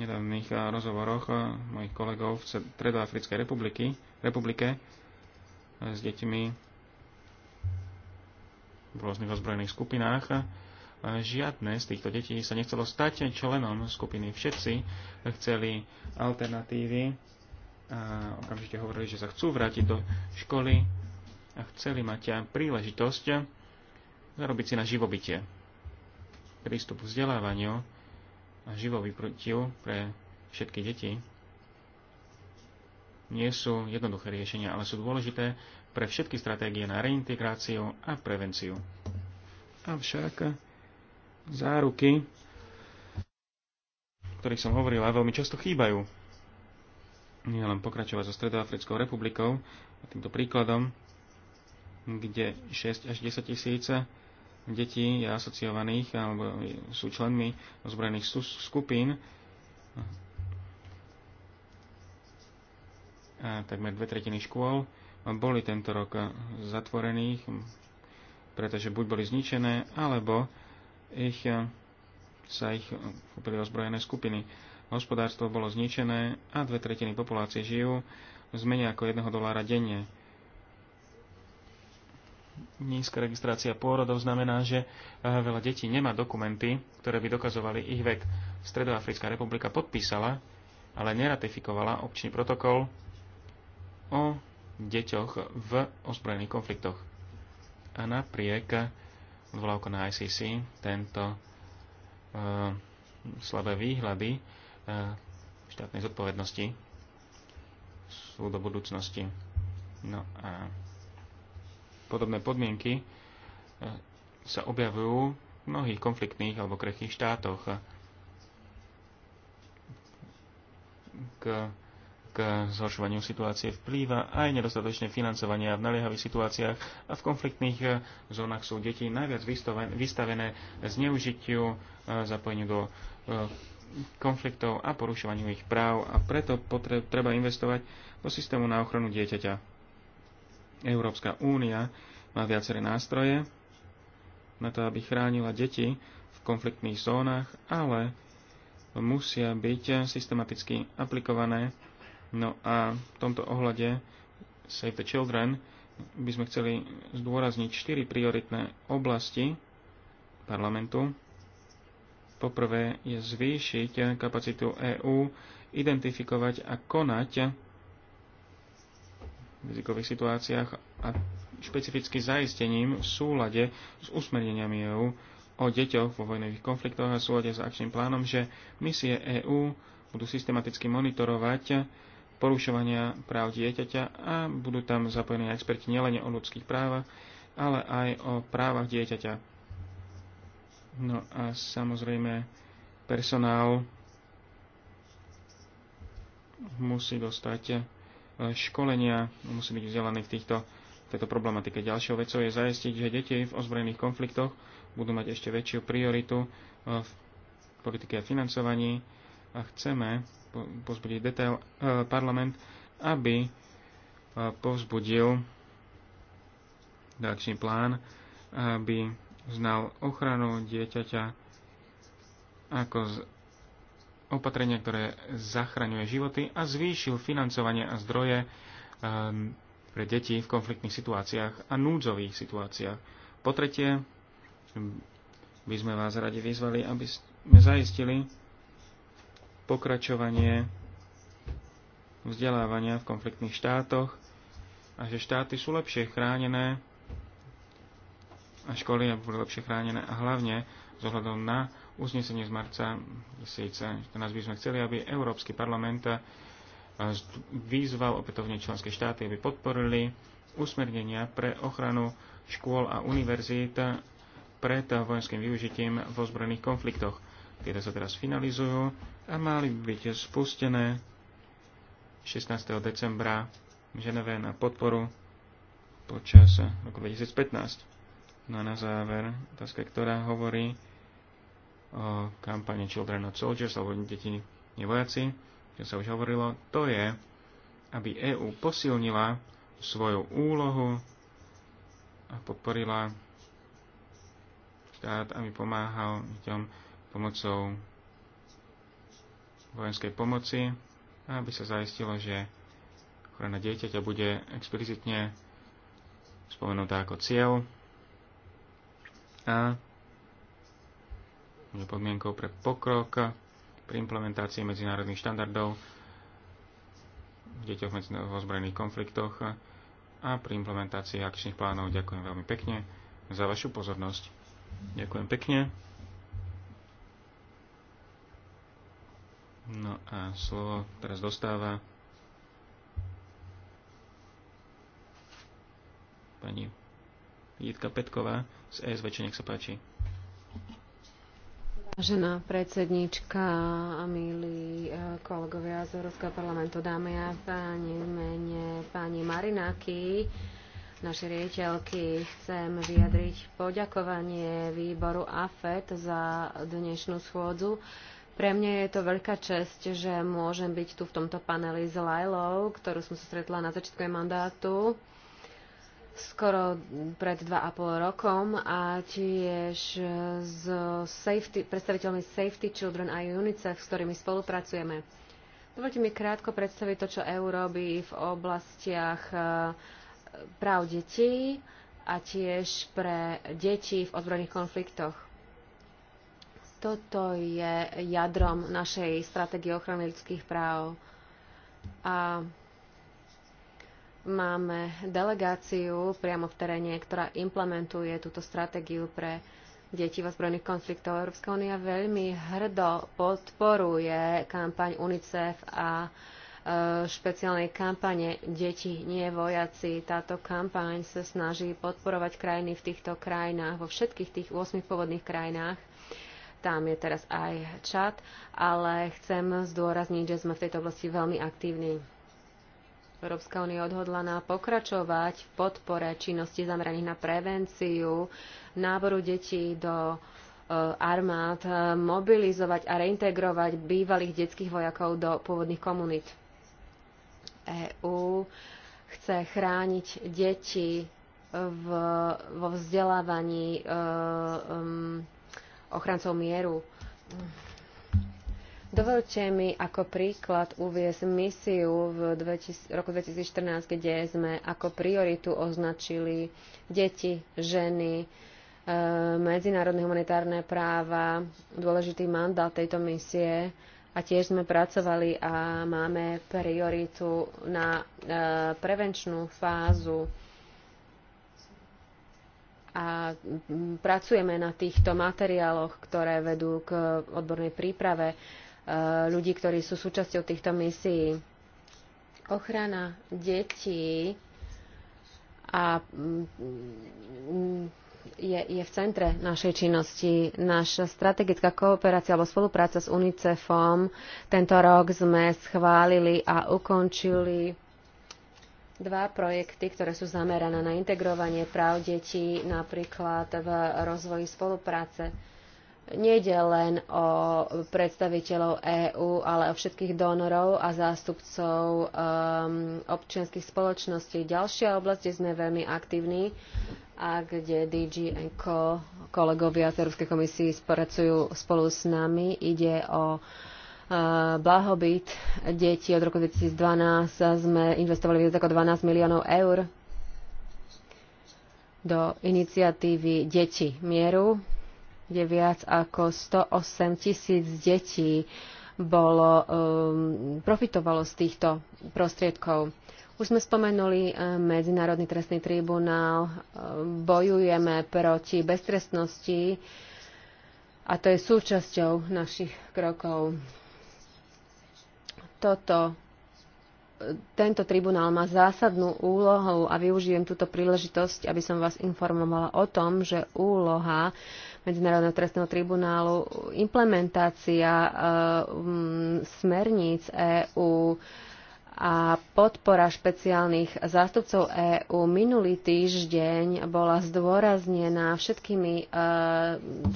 nedávnych eh, rozhovoroch eh, mojich kolegov v Stredoafrickej republiky, republike eh, s deťmi v rôznych ozbrojených skupinách. Žiadne z týchto detí sa nechcelo stať členom skupiny. Všetci chceli alternatívy a okamžite hovorili, že sa chcú vrátiť do školy a chceli mať príležitosť zarobiť si na živobytie. Prístup k vzdelávaniu živo vyprutil pre všetky deti, nie sú jednoduché riešenia, ale sú dôležité pre všetky stratégie na reintegráciu a prevenciu. Avšak záruky, o ktorých som hovoril, a veľmi často chýbajú. Nie len pokračovať so Stredoafrickou republikou a týmto príkladom, kde 6 až 10 tisíce detí je asociovaných alebo sú členmi ozbrojených skupín. A takmer dve tretiny škôl boli tento rok zatvorených, pretože buď boli zničené, alebo ich, sa ich kúpili ozbrojené skupiny. Hospodárstvo bolo zničené a dve tretiny populácie žijú z menej ako jedného dolára denne nízka registrácia pôrodov znamená, že eh, veľa detí nemá dokumenty, ktoré by dokazovali ich vek. Stredoafrická republika podpísala, ale neratifikovala občný protokol o deťoch v ozbrojených konfliktoch. A napriek odvolávku na ICC tento uh, slabé výhľady uh, štátnej zodpovednosti sú do budúcnosti. No a podobné podmienky e, sa objavujú v mnohých konfliktných alebo krehkých štátoch. K, k zhoršovaniu situácie vplýva aj nedostatočné financovanie a v naliehavých situáciách a v konfliktných e, zónach sú deti najviac vystavené zneužitiu, e, zapojeniu do konfliktov a porušovaniu ich práv a preto potre- treba investovať do systému na ochranu dieťaťa. Európska únia má viaceré nástroje na to, aby chránila deti v konfliktných zónach, ale musia byť systematicky aplikované. No a v tomto ohľade Save the Children by sme chceli zdôrazniť štyri prioritné oblasti parlamentu. Poprvé je zvýšiť kapacitu EÚ, identifikovať a konať v rizikových situáciách a špecificky zaistením v súlade s usmerneniami EÚ o deťoch vo vojnových konfliktoch a súlade s akčným plánom, že misie EÚ budú systematicky monitorovať porušovania práv dieťaťa a budú tam zapojení experti nielen o ľudských právach, ale aj o právach dieťaťa. No a samozrejme personál musí dostať školenia, musí byť vzdelaní v týchto, tejto problematike. Ďalšou vecou je zajistiť, že deti v ozbrojených konfliktoch budú mať ešte väčšiu prioritu eh, v politike a financovaní a chceme pozbudiť detail, eh, parlament, aby eh, povzbudil akčný plán, aby znal ochranu dieťaťa ako opatrenia, ktoré zachraňuje životy a zvýšil financovanie a zdroje ehm, pre deti v konfliktných situáciách a núdzových situáciách. Po tretie, ehm, by sme vás radi vyzvali, aby sme zaistili pokračovanie vzdelávania v konfliktných štátoch a že štáty sú lepšie chránené a školy sú lepšie chránené a hlavne zohľadom na uznesenie z marca 2014 by sme chceli, aby Európsky parlament eh, vyzval opätovne členské štáty, aby podporili usmernenia pre ochranu škôl a univerzít pred vojenským využitím v ozbrojených konfliktoch. Tieto sa teraz finalizujú a mali byť spustené 16. decembra v Ženeve na podporu počas roku 2015. No a na záver otázka, ktorá hovorí o kampane Children of Soldiers, alebo deti nevojaci, čo sa už hovorilo, to je, aby EÚ posilnila svoju úlohu a podporila štát, aby pomáhal deťom pomocou vojenskej pomoci, aby sa zaistilo, že ochrana dieťaťa bude explicitne spomenutá ako cieľ a je podmienkou pre pokrok pri implementácii medzinárodných štandardov v deťoch v ozbrojených konfliktoch a pri implementácii akčných plánov. Ďakujem veľmi pekne za vašu pozornosť. Ďakujem pekne. No a slovo teraz dostáva pani Jitka Petková z ESV, nech sa páči. Vážená predsednička, milí eh, kolegovia z Európskeho parlamentu, dámy a páni, mene pani Marináky, našej riaditeľky, chcem vyjadriť poďakovanie výboru AFET za dnešnú schôdzu. Pre mňa je to veľká česť, že môžem byť tu v tomto paneli s Lajlou, ktorú som sa stretla na začiatku mandátu skoro pred 2,5 rokom a tiež s safety, predstaviteľmi Safety Children a UNICEF, s ktorými spolupracujeme. Dovolte mi krátko predstaviť to, čo EU robí v oblastiach e, práv detí a tiež pre deti v odbrojných konfliktoch. Toto je jadrom našej stratégie ochrany ľudských práv. A máme delegáciu priamo v teréne, ktorá implementuje túto stratégiu pre deti vo zbrojných konfliktov. Európska únia veľmi hrdo podporuje kampaň UNICEF a e, špeciálnej kampane Deti nie vojaci. Táto kampaň sa snaží podporovať krajiny v týchto krajinách, vo všetkých tých 8 pôvodných krajinách. Tam je teraz aj čat, ale chcem zdôrazniť, že sme v tejto oblasti veľmi aktívni. Európska únia odhodlaná pokračovať v podpore činnosti zameraných na prevenciu náboru detí do e, armád, e, mobilizovať a reintegrovať bývalých detských vojakov do pôvodných komunít. EÚ chce chrániť deti v, vo vzdelávaní e, um, ochrancov mieru. Dovolte mi ako príklad uviezť misiu v 2000, roku 2014, kde sme ako prioritu označili deti, ženy, e, medzinárodné humanitárne práva, dôležitý mandát tejto misie a tiež sme pracovali a máme prioritu na e, prevenčnú fázu a pracujeme na týchto materiáloch, ktoré vedú k odbornej príprave Eh, ľudí, ktorí sú súčasťou týchto misií. Ochrana detí a mm, mm, je, je v centre našej činnosti. Naša strategická kooperácia alebo spolupráca s UNICEFom. Tento rok sme schválili a ukončili dva projekty, ktoré sú zamerané na integrovanie práv detí, napríklad v rozvoji spolupráce Nejde len o predstaviteľov EÚ, ale o všetkých donorov a zástupcov um, občianských spoločností. Ďalšia oblasť, kde sme veľmi aktívni a kde DG Co, kolegovia z Európskej komisie spracujú spolu s nami, ide o uh, blahobyt detí od roku 2012 sme investovali viac ako 12 miliónov eur do iniciatívy Deti mieru kde viac ako 108 tisíc detí bolo, um, profitovalo z týchto prostriedkov. Už sme spomenuli eh, Medzinárodný trestný tribunál, eh, bojujeme proti beztrestnosti a to je súčasťou našich krokov. Toto, eh, tento tribunál má zásadnú úlohu a využijem túto príležitosť, aby som vás informovala o tom, že úloha Medzinárodného trestného tribunálu, implementácia e, smerníc EÚ a podpora špeciálnych zástupcov EÚ minulý týždeň bola zdôraznená všetkými e,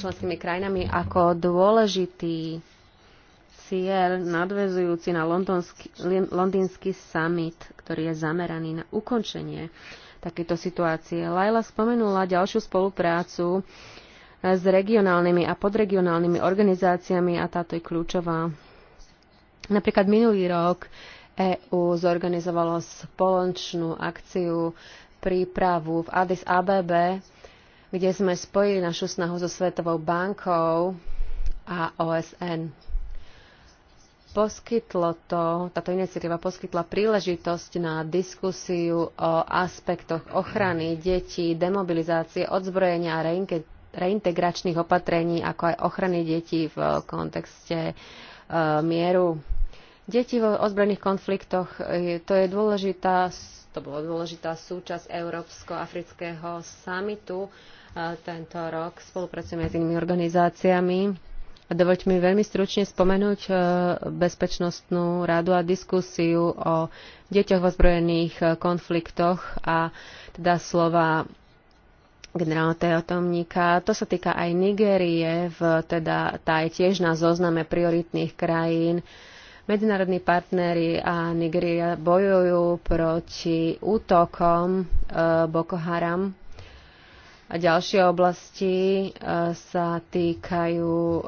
členskými krajinami ako dôležitý cieľ nadvezujúci na londýnsky summit, ktorý je zameraný na ukončenie takéto situácie. Laila spomenula ďalšiu spoluprácu s regionálnymi a podregionálnymi organizáciami a táto je kľúčová. Napríklad minulý rok EÚ zorganizovalo spoločnú akciu prípravu v Addis ABB, kde sme spojili našu snahu so Svetovou bankou a OSN. Poskytlo to, táto iniciatíva poskytla príležitosť na diskusiu o aspektoch ochrany detí, demobilizácie, odzbrojenia a reintegračných opatrení, ako aj ochrany detí v kontexte e, mieru. Deti vo ozbrojených konfliktoch, e, to je dôležitá, to bolo dôležitá súčasť Európsko-afrického samitu e, tento rok. Spolupracujeme s inými organizáciami. Dovoľte mi veľmi stručne spomenúť Bezpečnostnú radu a diskusiu o deťoch v ozbrojených konfliktoch a teda slova generálna teatomníka. To sa týka aj Nigérie, v, teda tá je tiež na zozname prioritných krajín. Medzinárodní partnery a Nigéria bojujú proti útokom e, Boko Haram. A ďalšie oblasti e, sa týkajú e,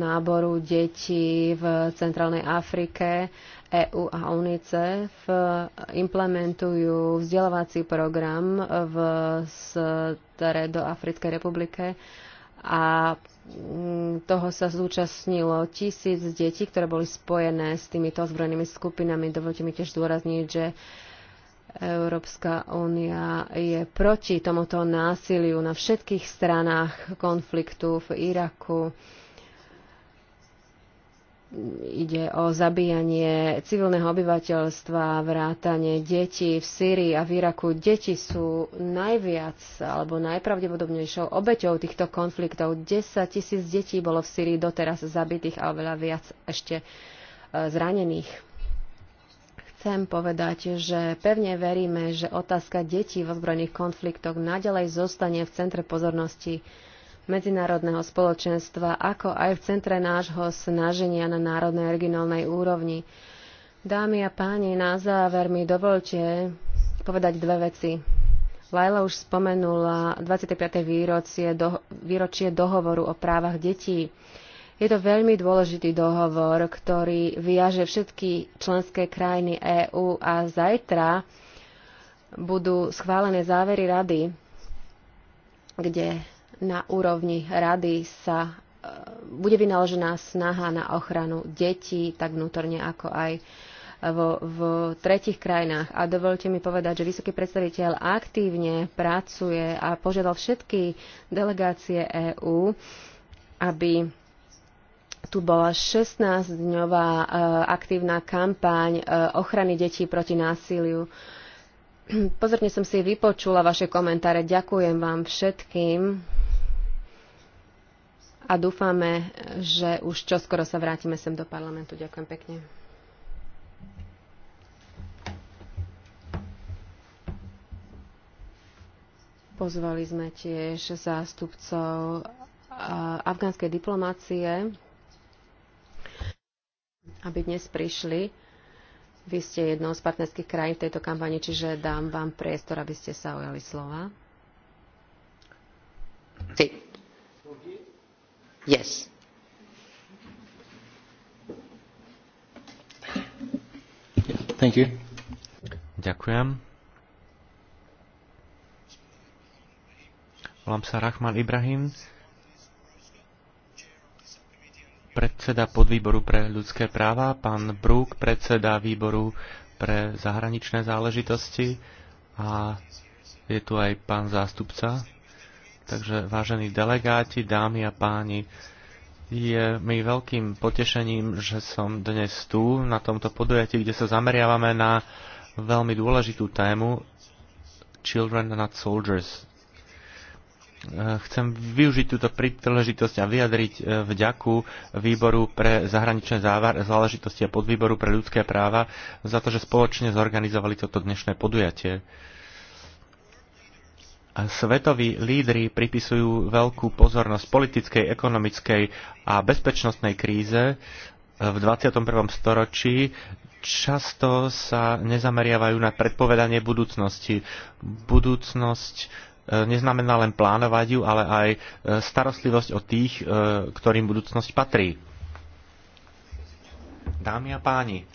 náboru detí v Centrálnej Afrike EU a UNICEF e, implementujú vzdelávací program v Stredoafrickej republike a mm, toho sa zúčastnilo tisíc detí, ktoré boli spojené s týmito ozbrojenými skupinami. Dovolte mi tiež zdôrazniť, že Európska únia je proti tomuto násiliu na všetkých stranách konfliktu v Iraku, ide o zabíjanie civilného obyvateľstva, vrátanie detí v Sýrii a v Iraku. Deti sú najviac alebo najpravdepodobnejšou obeťou týchto konfliktov. 10 tisíc detí bolo v Sýrii doteraz zabitých a oveľa viac ešte e, zranených. Chcem povedať, že pevne veríme, že otázka detí v ozbrojených konfliktoch nadalej zostane v centre pozornosti medzinárodného spoločenstva, ako aj v centre nášho snaženia na národnej a regionálnej úrovni. Dámy a páni, na záver mi dovolte povedať dve veci. Laila už spomenula 25. Výročie, do, výročie dohovoru o právach detí. Je to veľmi dôležitý dohovor, ktorý viaže všetky členské krajiny EÚ a zajtra budú schválené závery rady, kde na úrovni rady sa e, bude vynaložená snaha na ochranu detí, tak vnútorne ako aj vo, v tretich krajinách. A dovolte mi povedať, že vysoký predstaviteľ aktívne pracuje a požiadal všetky delegácie EÚ, aby tu bola 16-dňová e, aktívna kampaň e, ochrany detí proti násiliu. Pozorne som si vypočula vaše komentáre. Ďakujem vám všetkým a dúfame, že už čoskoro sa vrátime sem do parlamentu. Ďakujem pekne. Pozvali sme tiež zástupcov afgánskej diplomácie, aby dnes prišli. Vy ste jednou z partnerských krajín v tejto kampani, čiže dám vám priestor, aby ste sa ujali slova. Sí. Ďakujem. Volám sa Rahman Ibrahim, predseda podvýboru pre ľudské práva, pán Brúk, predseda výboru pre zahraničné záležitosti a je tu aj pán zástupca Takže vážení delegáti, dámy a páni, je mi veľkým potešením, že som dnes tu na tomto podujatí, kde sa zameriavame na veľmi dôležitú tému Children Not Soldiers. Eh, chcem využiť túto príležitosť a vyjadriť eh, vďaku Výboru pre zahraničné záležitosti a podvýboru pre ľudské práva za to, že spoločne zorganizovali toto dnešné podujatie svetoví lídry pripisujú veľkú pozornosť politickej, ekonomickej a bezpečnostnej kríze v 21. storočí, často sa nezameriavajú na predpovedanie budúcnosti. Budúcnosť e, neznamená len plánovať ju, ale aj e, starostlivosť o tých, e, ktorým budúcnosť patrí. Dámy a páni,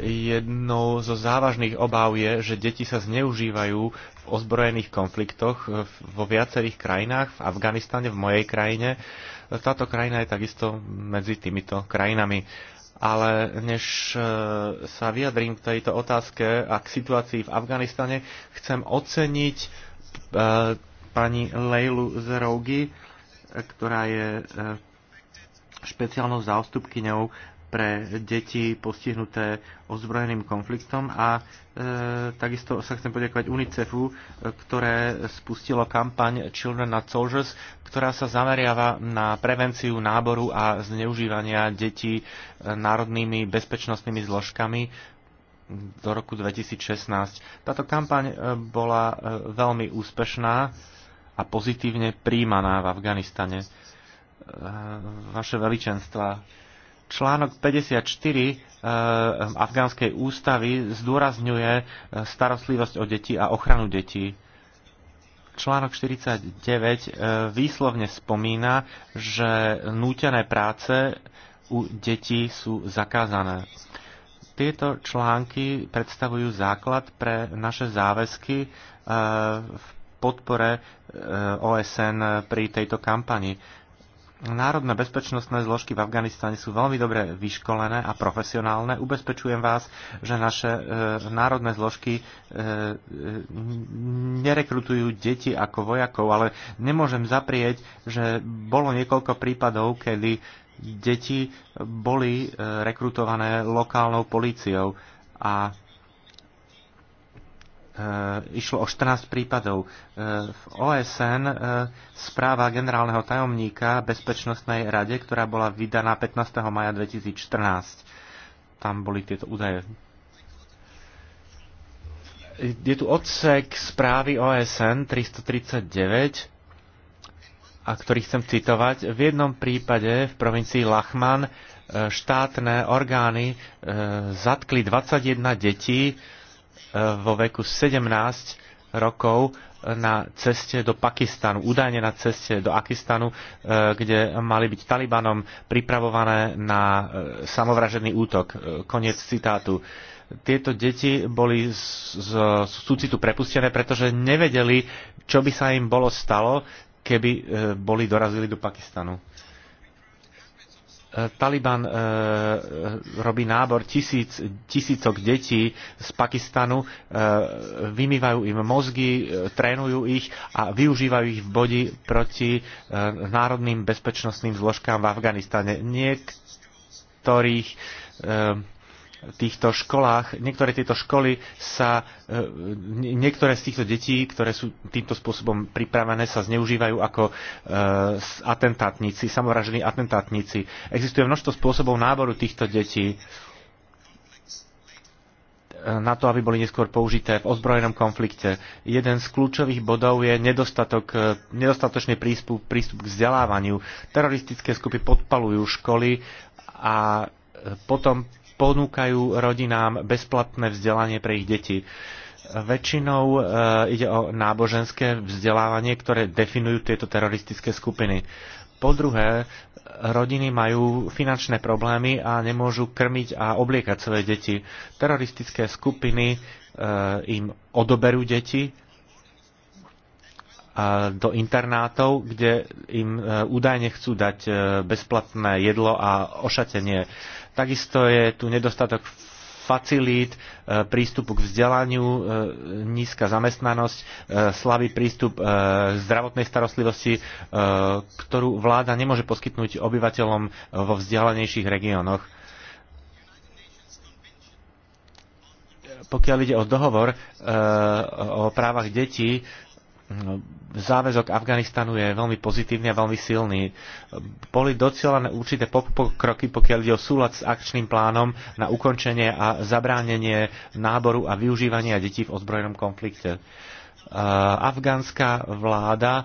Jednou zo závažných obáv je, že deti sa zneužívajú v ozbrojených konfliktoch eh, vo viacerých krajinách, v Afganistane, v mojej krajine. Táto krajina je takisto medzi týmito krajinami. Ale než eh, sa vyjadrím k tejto otázke a k situácii v Afganistane, chcem oceniť eh, pani Leilu Zerougi, ktorá je špeciálnou zástupkyňou pre deti postihnuté ozbrojeným konfliktom a e, takisto sa chcem poďakovať UNICEFu, e, ktoré spustilo kampaň Children at Soldiers, ktorá sa zameriava na prevenciu náboru a zneužívania detí e, národnými bezpečnostnými zložkami do roku 2016. Táto kampaň e, bola veľmi úspešná a pozitívne príjmaná v Afganistane. Vaše veličenstva, Článok 54 eh, afgánskej ústavy zdôrazňuje eh, starostlivosť o deti a ochranu detí. Článok 49 eh, výslovne spomína, že nútené práce u detí sú zakázané. Tieto články predstavujú základ pre naše záväzky v podpore OSN pri tejto kampani Národné bezpečnostné zložky v Afganistane sú veľmi dobre vyškolené a profesionálne. Ubezpečujem vás, že naše e, národné zložky e, nerekrutujú deti ako vojakov, ale nemôžem zaprieť, že bolo niekoľko prípadov, kedy deti boli e, rekrutované lokálnou políciou a Eh, išlo o 14 prípadov. Eh, v OSN eh, správa generálneho tajomníka Bezpečnostnej rade, ktorá bola vydaná 15. maja 2014. Tam boli tieto údaje. Je tu odsek správy OSN 339, a ktorý chcem citovať. V jednom prípade v provincii Lachman štátne orgány zatkli 21 detí, Eh, vo veku 17 rokov na ceste do Pakistanu, údajne na ceste do Akistanu, eh, kde mali byť Talibanom pripravované na eh, samovražený útok. Koniec citátu. Tieto deti boli z, súcitu prepustené, pretože nevedeli, čo by sa im bolo stalo, keby boli dorazili do Pakistanu. E, Taliban e, robí nábor tisíc, tisícok detí z Pakistanu, e, vymývajú im mozgy, trénujú ich a využívajú ich v bodi proti národným bezpečnostným zložkám v Afganistane. Niektorých týchto školách, niektoré tieto školy sa, e, niektoré z týchto detí, ktoré sú týmto spôsobom pripravené, sa zneužívajú ako e, atentátnici, samovražení atentátnici. Existuje množstvo spôsobov náboru týchto detí e, na to, aby boli neskôr použité v ozbrojenom konflikte. Jeden z kľúčových bodov je nedostatok, nedostatočný prístup, prístup k vzdelávaniu. Teroristické skupy podpalujú školy a potom ponúkajú rodinám bezplatné vzdelanie pre ich deti. Väčšinou e, ide o náboženské vzdelávanie, ktoré definujú tieto teroristické skupiny. Po druhé, rodiny majú finančné problémy a nemôžu krmiť a obliekať svoje deti. Teroristické skupiny e, im odoberú deti e, do internátov, kde im e, údajne chcú dať e, bezplatné jedlo a ošatenie. Takisto je tu nedostatok facilít, e, prístupu k vzdelaniu, e, nízka zamestnanosť, e, slabý prístup zdravotnej starostlivosti, ktorú vláda nemôže poskytnúť obyvateľom vo vzdialenejších regiónoch. Pokiaľ ide o dohovor o právach detí, No, záväzok Afganistanu je veľmi pozitívny a veľmi silný. Boli docielané určité pokroky, pokiaľ ide o súlad s akčným plánom na ukončenie a zabránenie náboru a využívania detí v ozbrojenom konflikte afgánska vláda e,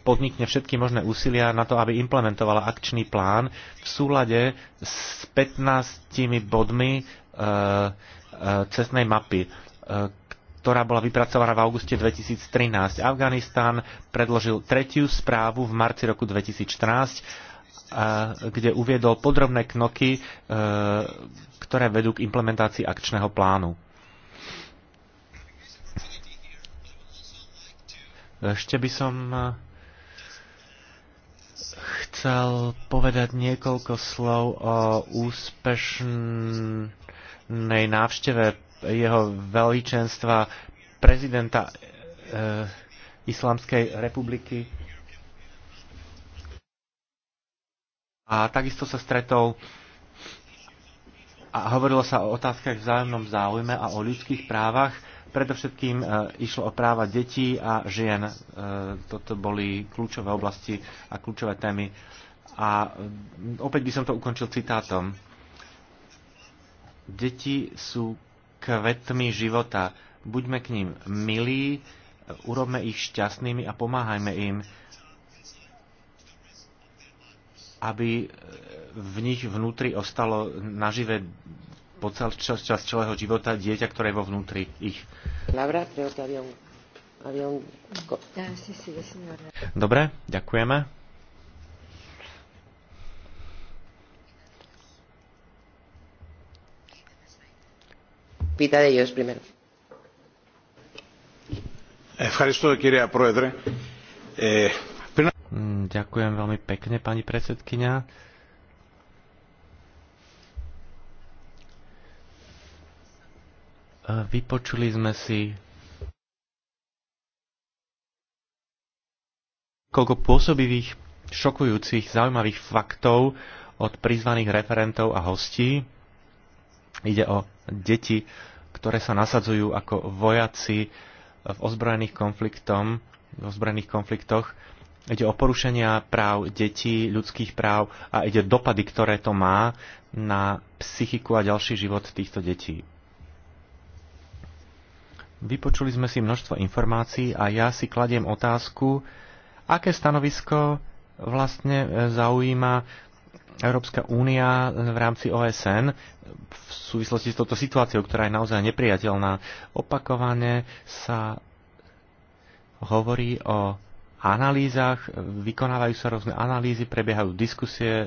podnikne všetky možné úsilia na to, aby implementovala akčný plán v súlade s 15 bodmi e, e, cestnej mapy ktorá bola vypracovaná v auguste 2013. Afganistán predložil tretiu správu v marci roku 2014, kde uviedol podrobné knoky, e, ktoré vedú k implementácii akčného plánu. Ešte by som e, chcel povedať niekoľko slov o úspešnej návšteve jeho veličenstva prezidenta e, Islamskej republiky. A takisto sa stretol a hovorilo sa o otázkach v vzájomnom záujme a o ľudských právach. Predovšetkým e, išlo o práva detí a žien. E, toto boli kľúčové oblasti a kľúčové témy. A opäť by som to ukončil citátom. Deti sú kvetmi života. Buďme k ním milí, urobme ich šťastnými a pomáhajme im, aby v nich vnútri ostalo nažive po celý čas, čas celého života dieťa, ktoré je vo vnútri ich. Ah, Dobre, ďakujeme. vida de ellos primero. Ďakujem veľmi pekne, pani predsedkynia. E, vypočuli sme si koľko pôsobivých, šokujúcich, zaujímavých faktov od prizvaných referentov a hostí. Ide o deti ktoré sa nasadzujú ako vojaci v ozbrojených, konfliktom, v ozbrojených konfliktoch. Ide o porušenia práv detí, ľudských práv a ide dopady, ktoré to má na psychiku a ďalší život týchto detí. Vypočuli sme si množstvo informácií a ja si kladiem otázku, aké stanovisko vlastne e, zaujíma Európska únia v rámci OSN v súvislosti s touto situáciou, ktorá je naozaj nepriateľná, opakovane sa hovorí o analýzach, vykonávajú sa rôzne analýzy, prebiehajú diskusie e,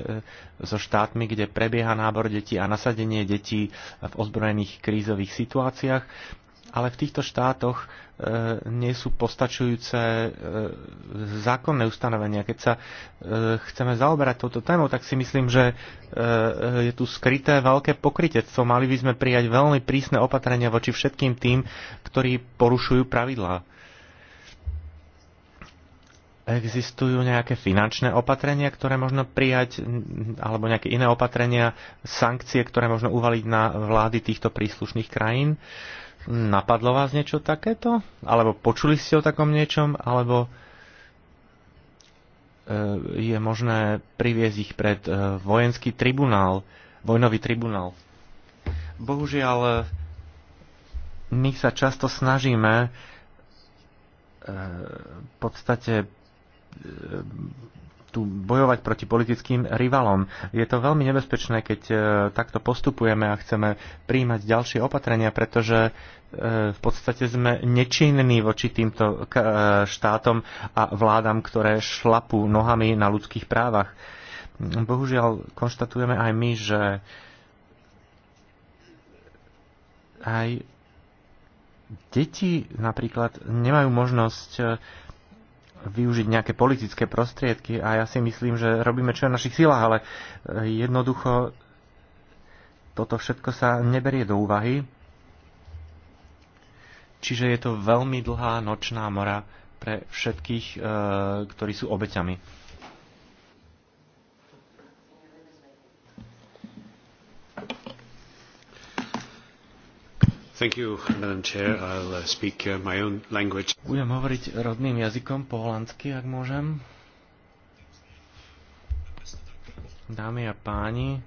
so štátmi, kde prebieha nábor detí a nasadenie detí v ozbrojených krízových situáciách, ale v týchto štátoch E, nie sú postačujúce e, zákonné ustanovenia. Keď sa e, chceme zaoberať touto témou, tak si myslím, že je tu skryté veľké pokrytectvo. Mali by sme prijať veľmi prísne opatrenia voči všetkým tým, ktorí porušujú pravidlá. Existujú nejaké finančné opatrenia, ktoré možno prijať, alebo nejaké iné opatrenia, sankcie, ktoré možno uvaliť na vlády týchto príslušných krajín. Uh, Napadlo vás niečo takéto? Alebo počuli ste o takom niečom? Alebo e, je možné priviesť ich pred e, vojenský tribunál, vojnový tribunál? Bohužiaľ, my sa často snažíme e, v podstate tu bojovať proti politickým rivalom. Je to veľmi nebezpečné, keď e, takto postupujeme a chceme príjmať ďalšie opatrenia, pretože e, v podstate sme nečinní voči týmto e, štátom a vládam, ktoré šlapú nohami na ľudských právach. Bohužiaľ, konštatujeme aj my, že aj deti napríklad nemajú možnosť využiť nejaké politické prostriedky a ja si myslím, že robíme čo je v našich silách, ale e, jednoducho toto všetko sa neberie do úvahy. Čiže je to veľmi dlhá nočná mora pre všetkých, e, ktorí sú obeťami. You, uh, uh, Budem hovoriť rodným jazykom po holandsky, ak môžem. Dámy a páni,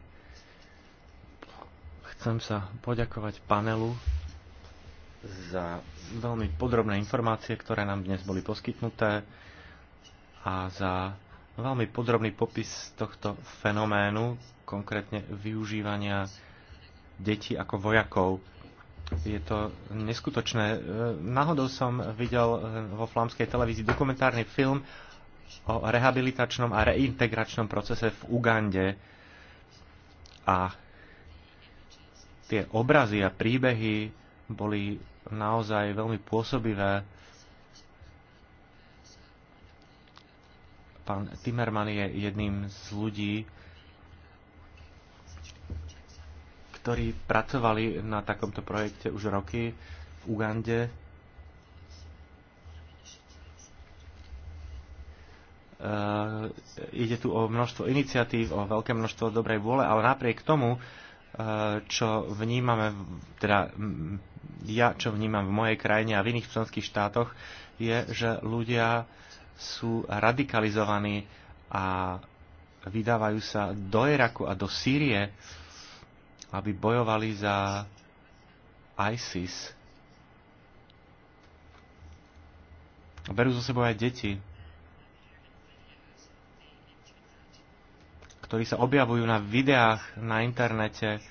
chcem sa poďakovať panelu za veľmi podrobné informácie, ktoré nám dnes boli poskytnuté a za veľmi podrobný popis tohto fenoménu, konkrétne využívania detí ako vojakov je to neskutočné. E, náhodou som videl e, vo flámskej televízii dokumentárny film o rehabilitačnom a reintegračnom procese v Ugande. A tie obrazy a príbehy boli naozaj veľmi pôsobivé. Pán Timerman je jedným z ľudí, ktorí pracovali na takomto projekte už roky v Ugande. Uh, ide tu o množstvo iniciatív, o veľké množstvo dobrej vôle, ale napriek tomu, uh, čo vnímame, teda ja čo vnímam v mojej krajine a v iných členských štátoch, je, že ľudia sú radikalizovaní a vydávajú sa do Iraku a do Sýrie. Uh, aby bojovali za ISIS. Berú zo sebou aj deti, ktorí sa objavujú na videách na internete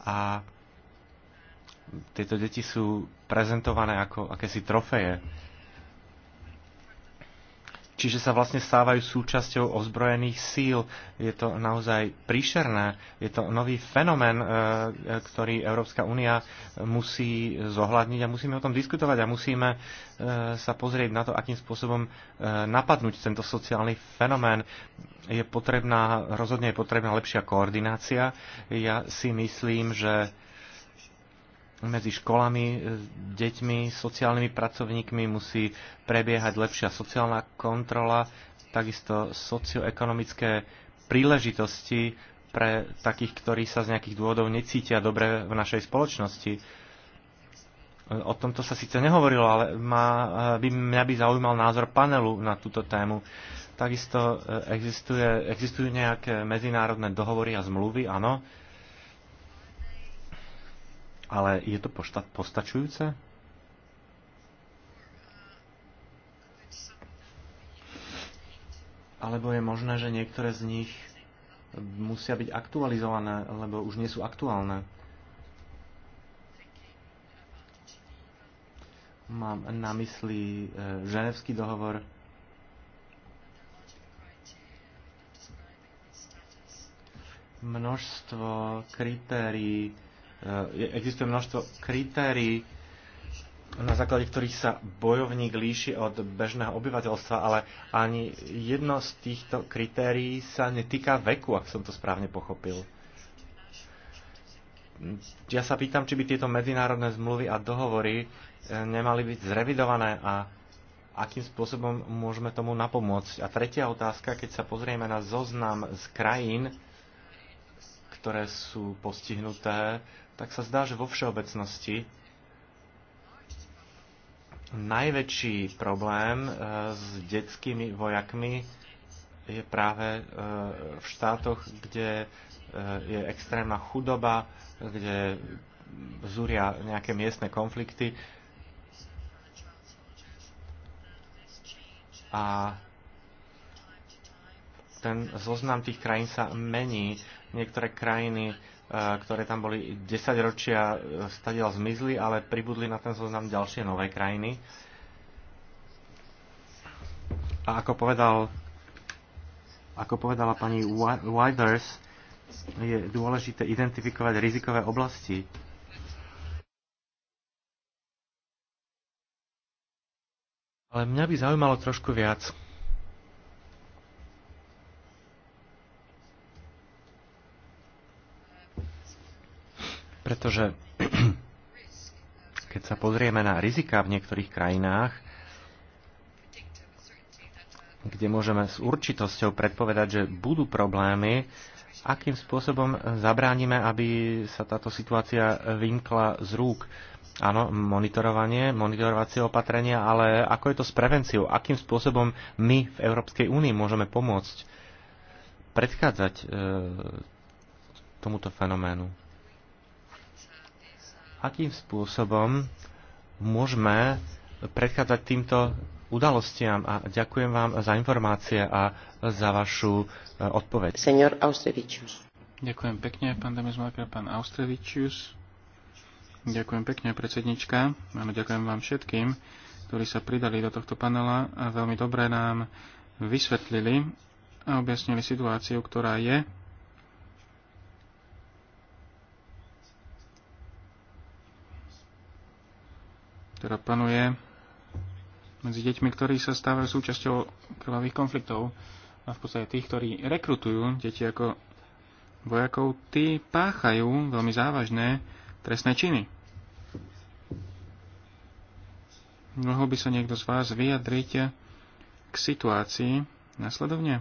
a tieto deti sú prezentované ako akési trofeje čiže sa vlastne stávajú súčasťou ozbrojených síl. Je to naozaj príšerné, je to nový fenomén, e, e, ktorý Európska únia musí zohľadniť a musíme o tom diskutovať a musíme e, sa pozrieť na to, akým spôsobom napadnúť tento sociálny fenomén. Je potrebná, rozhodne je potrebná lepšia koordinácia. Ja si myslím, že medzi školami, e, deťmi, sociálnymi pracovníkmi musí prebiehať lepšia sociálna kontrola, takisto socioekonomické príležitosti pre takých, ktorí sa z nejakých dôvodov necítia dobre v našej spoločnosti. E, o tomto sa síce nehovorilo, ale má, e, by, mňa by zaujímal názor panelu na túto tému. Takisto existuje, existujú nejaké medzinárodné dohovory a zmluvy, áno, ale je to postačujúce? Alebo je možné, že niektoré z nich musia byť aktualizované, lebo už nie sú aktuálne. Mám na mysli e, ženevský dohovor, množstvo kritérií Eh, existuje množstvo kritérií, na základe ktorých sa bojovník líši od bežného obyvateľstva, ale ani jedno z týchto kritérií sa netýka veku, ak som to správne pochopil. Ja sa pýtam, či by tieto medzinárodné zmluvy a dohovory eh, nemali byť zrevidované a akým spôsobom môžeme tomu napomôcť. A tretia otázka, keď sa pozrieme na zoznam z krajín, ktoré sú postihnuté tak sa zdá, že vo všeobecnosti najväčší problém e, s detskými vojakmi je práve e, v štátoch, kde e, je extrémna chudoba, kde zúria nejaké miestne konflikty. A ten zoznam tých krajín sa mení. Niektoré krajiny ktoré tam boli 10 ročia, e, stadiaľ zmizli, ale pribudli na ten zoznam ďalšie nové krajiny. A ako povedal ako povedala pani Withers, je dôležité identifikovať rizikové oblasti. Ale mňa by zaujímalo trošku viac. Pretože keď sa pozrieme na rizika v niektorých krajinách, kde môžeme s určitosťou predpovedať, že budú problémy, akým spôsobom zabránime, aby sa táto situácia vymkla z rúk. Áno, monitorovanie, monitorovacie opatrenia, ale ako je to s prevenciou? Akým spôsobom my v Európskej únii môžeme pomôcť predchádzať e, tomuto fenoménu? akým spôsobom môžeme predchádzať týmto udalostiam a ďakujem vám za informácie a za vašu e, odpoveď. Senior Austrevičius. Ďakujem pekne, pán Demesmaker, pán Austrevičius. Ďakujem pekne, predsednička. Áno, ďakujem vám všetkým, ktorí sa pridali do tohto panela a veľmi dobre nám vysvetlili a objasnili situáciu, ktorá je ktorá panuje medzi deťmi, ktorí sa stávajú súčasťou krvavých konfliktov a v podstate tých, ktorí rekrutujú deti ako vojakov, tí páchajú veľmi závažné trestné činy. Mohol by sa niekto z vás vyjadriť k situácii nasledovne?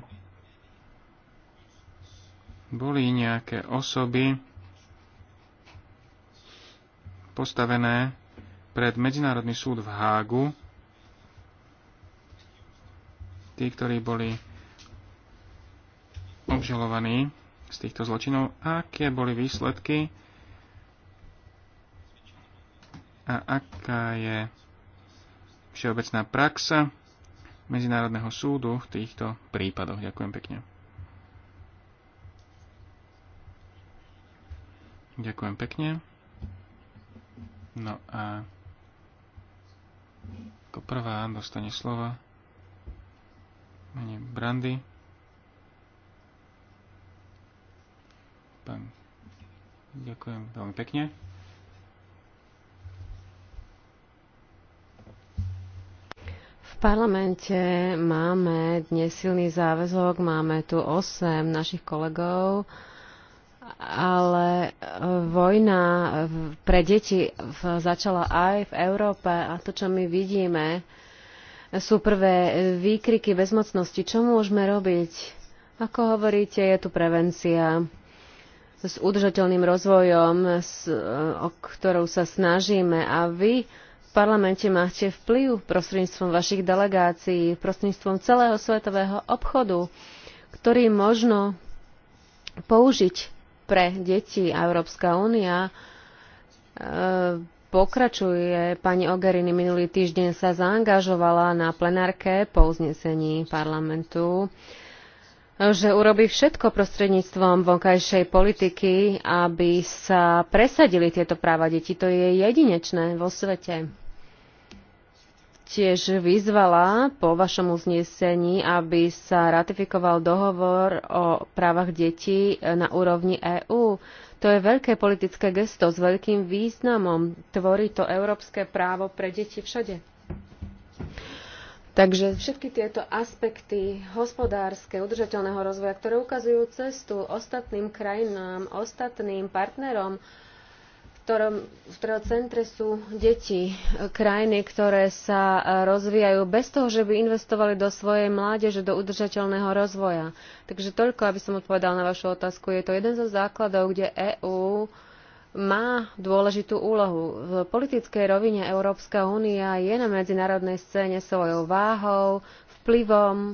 Boli nejaké osoby postavené pred Medzinárodný súd v Hágu. Tí, ktorí boli obžalovaní z týchto zločinov, aké boli výsledky a aká je všeobecná praxa Medzinárodného súdu v týchto prípadoch. Ďakujem pekne. Ďakujem pekne. No a ako prvá dostane slova mene Brandy. Pán, ďakujem veľmi pekne. V parlamente máme dnes silný záväzok, máme tu 8 našich kolegov, ale e, vojna pre deti začala aj v Európe a to, čo my vidíme, sú prvé výkriky bezmocnosti. Čo môžeme robiť? Ako hovoríte, je tu prevencia s udržateľným rozvojom, s, e, o ktorou sa snažíme. A vy v parlamente máte vplyv prostredníctvom vašich delegácií, prostredníctvom celého svetového obchodu, ktorý možno použiť pre deti a Európska únia e, pokračuje. Pani Ogerini minulý týždeň sa zaangažovala na plenárke po uznesení parlamentu že urobí všetko prostredníctvom vonkajšej politiky, aby sa presadili tieto práva detí. To je jedinečné vo svete tiež vyzvala po vašom uznesení, aby sa ratifikoval dohovor o právach detí na úrovni EÚ. To je veľké politické gesto s veľkým významom. Tvorí to európske právo pre deti všade. Takže všetky tieto aspekty hospodárske, udržateľného rozvoja, ktoré ukazujú cestu ostatným krajinám, ostatným partnerom, ktorom, v ktorom centre sú deti, e, krajiny, ktoré sa e, rozvíjajú bez toho, že by investovali do svojej mládeže, do udržateľného rozvoja. Takže toľko, aby som odpovedal na vašu otázku. Je to jeden zo základov, kde EÚ má dôležitú úlohu. V politickej rovine Európska únia je na medzinárodnej scéne svojou váhou, vplyvom,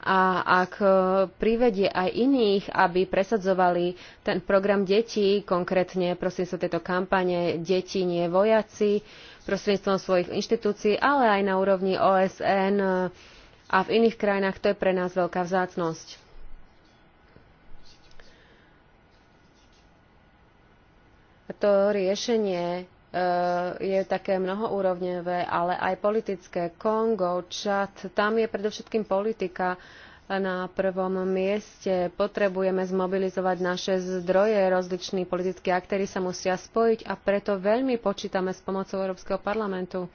a ak e, privedie aj iných, aby presadzovali ten program detí, konkrétne sa tejto kampane Deti nie vojaci, prosímstvom svojich inštitúcií, ale aj na úrovni OSN e, a v iných krajinách, to je pre nás veľká vzácnosť. To riešenie Eh, je také mnohoúrovňové, ale aj politické. Kongo, Čad, tam je predovšetkým politika na prvom mieste. Potrebujeme zmobilizovať naše zdroje, rozliční politickí aktéry sa musia spojiť a preto veľmi počítame s pomocou Európskeho parlamentu.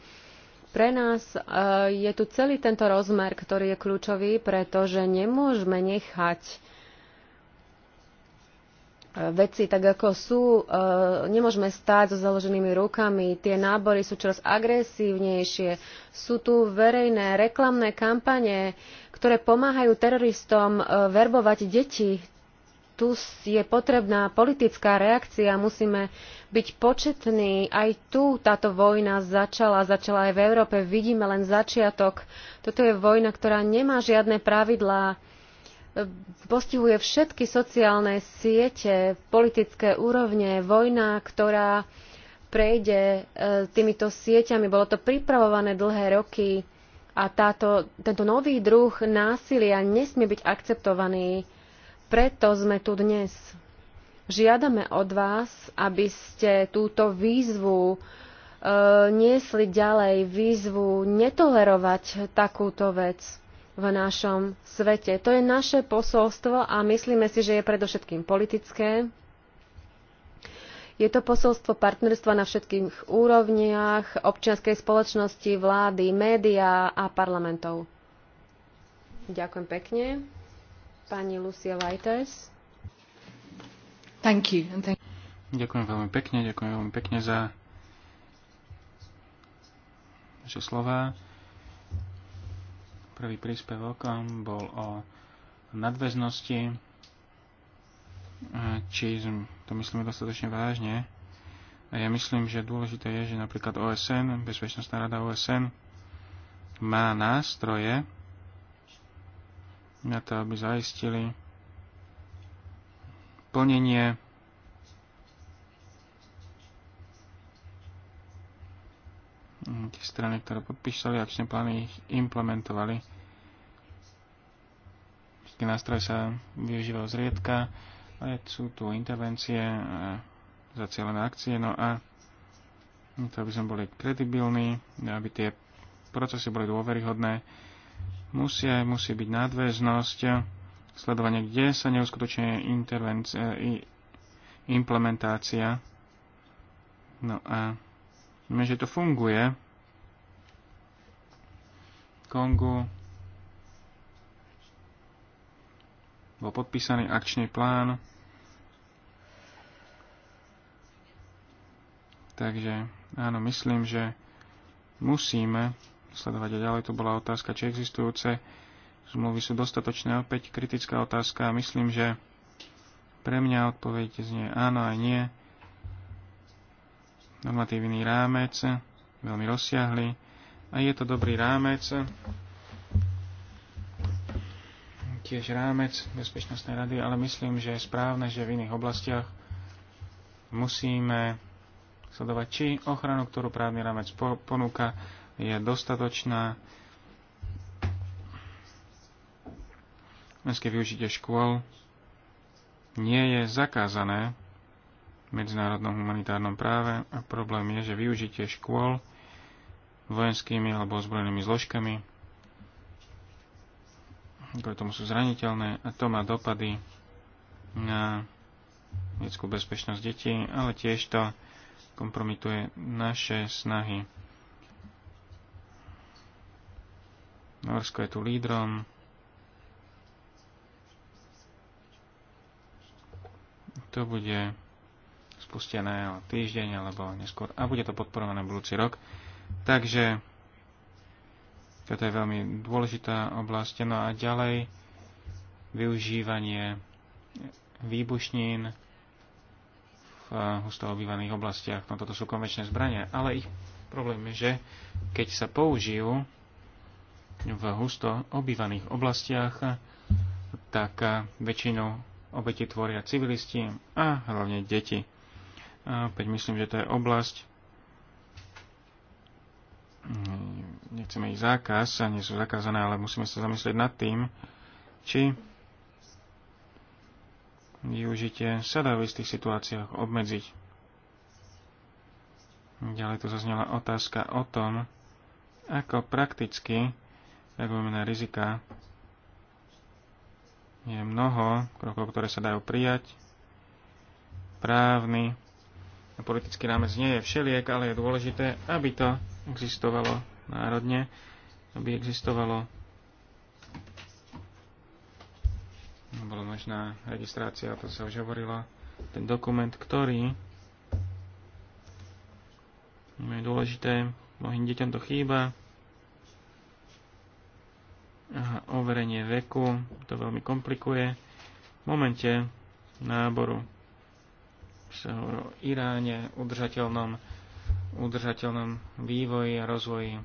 Pre nás eh, je tu celý tento rozmer, ktorý je kľúčový, pretože nemôžeme nechať veci tak, ako sú. E, nemôžeme stáť so založenými rukami. Tie nábory sú čoraz agresívnejšie. Sú tu verejné reklamné kampane, ktoré pomáhajú teroristom e, verbovať deti. Tu je potrebná politická reakcia. Musíme byť početní. Aj tu táto vojna začala. Začala aj v Európe. Vidíme len začiatok. Toto je vojna, ktorá nemá žiadne pravidlá postihuje všetky sociálne siete, politické úrovne, vojna, ktorá prejde e, týmito sieťami. Bolo to pripravované dlhé roky a táto, tento nový druh násilia nesmie byť akceptovaný. Preto sme tu dnes. Žiadame od vás, aby ste túto výzvu e, niesli ďalej, výzvu netolerovať takúto vec v našom svete. To je naše posolstvo a myslíme si, že je predovšetkým politické. Je to posolstvo partnerstva na všetkých úrovniach, občianskej spoločnosti, vlády, médiá a parlamentov. Ďakujem pekne. Pani Lucia Leiters. Thank you. Thank you. ďakujem veľmi pekne, ďakujem veľmi pekne za vaše slova Prvý príspevok um, bol o nadväznosti, eh, či to myslíme dostatočne vážne. A eh, ja myslím, že dôležité je, že napríklad OSN, Bezpečnostná rada OSN, má nástroje na to, aby zaistili plnenie Mhm, tie strany, ktoré podpísali akčné plány, ich implementovali. Všetky nástroje sa využívajú zriedka, ale sú tu intervencie a zacielené akcie, no a to, aby sme boli kredibilní, aby tie procesy boli dôveryhodné, musí, musí byť nadväznosť, sledovanie, kde sa neuskutočne e, implementácia. No a Vieme, že to funguje. Kongu bol podpísaný akčný plán. Takže áno, myslím, že musíme sledovať a ďalej. To bola otázka, či existujúce zmluvy sú dostatočné. Opäť kritická otázka. Myslím, že pre mňa odpoveď znie áno aj nie normatívny rámec, veľmi rozsiahly a je to dobrý rámec, tiež rámec Bezpečnostnej rady, ale myslím, že je správne, že v iných oblastiach musíme sledovať, či ochranu, ktorú právny rámec ponúka, je dostatočná. Mestské využitie škôl nie je zakázané medzinárodnom humanitárnom práve a problém je, že využitie škôl vojenskými alebo ozbrojenými zložkami ktoré tomu sú zraniteľné a to má dopady na detskú bezpečnosť detí, ale tiež to kompromituje naše snahy. Norsko je tu lídrom. To bude spustené o týždeň alebo neskôr a bude to podporované budúci rok. Takže toto je veľmi dôležitá oblasť. No a ďalej využívanie výbušnín v husto obývaných oblastiach. No toto sú konvenčné zbranie, ale ich problém je, že keď sa použijú v husto obývaných oblastiach, tak väčšinu obete tvoria civilisti a hlavne deti. A opäť myslím, že to je oblasť, nechceme ich zákaz, a nie sú zakázané, ale musíme sa zamyslieť nad tým, či využitie sa dá v istých situáciách obmedziť. Ďalej tu zaznela otázka o tom, ako prakticky reagujeme na rizika. Je mnoho krokov, ktoré sa dajú prijať. Právny, Politický rámec nie je všeliek, ale je dôležité, aby to existovalo národne, aby existovalo no, bolo možná registrácia, to sa už hovorilo, ten dokument, ktorý no, je dôležité, mnohým deťom to chýba, Aha, overenie veku, to veľmi komplikuje, v momente náboru sa hovorí o Iráne, udržateľnom, udržateľnom vývoji a rozvoji.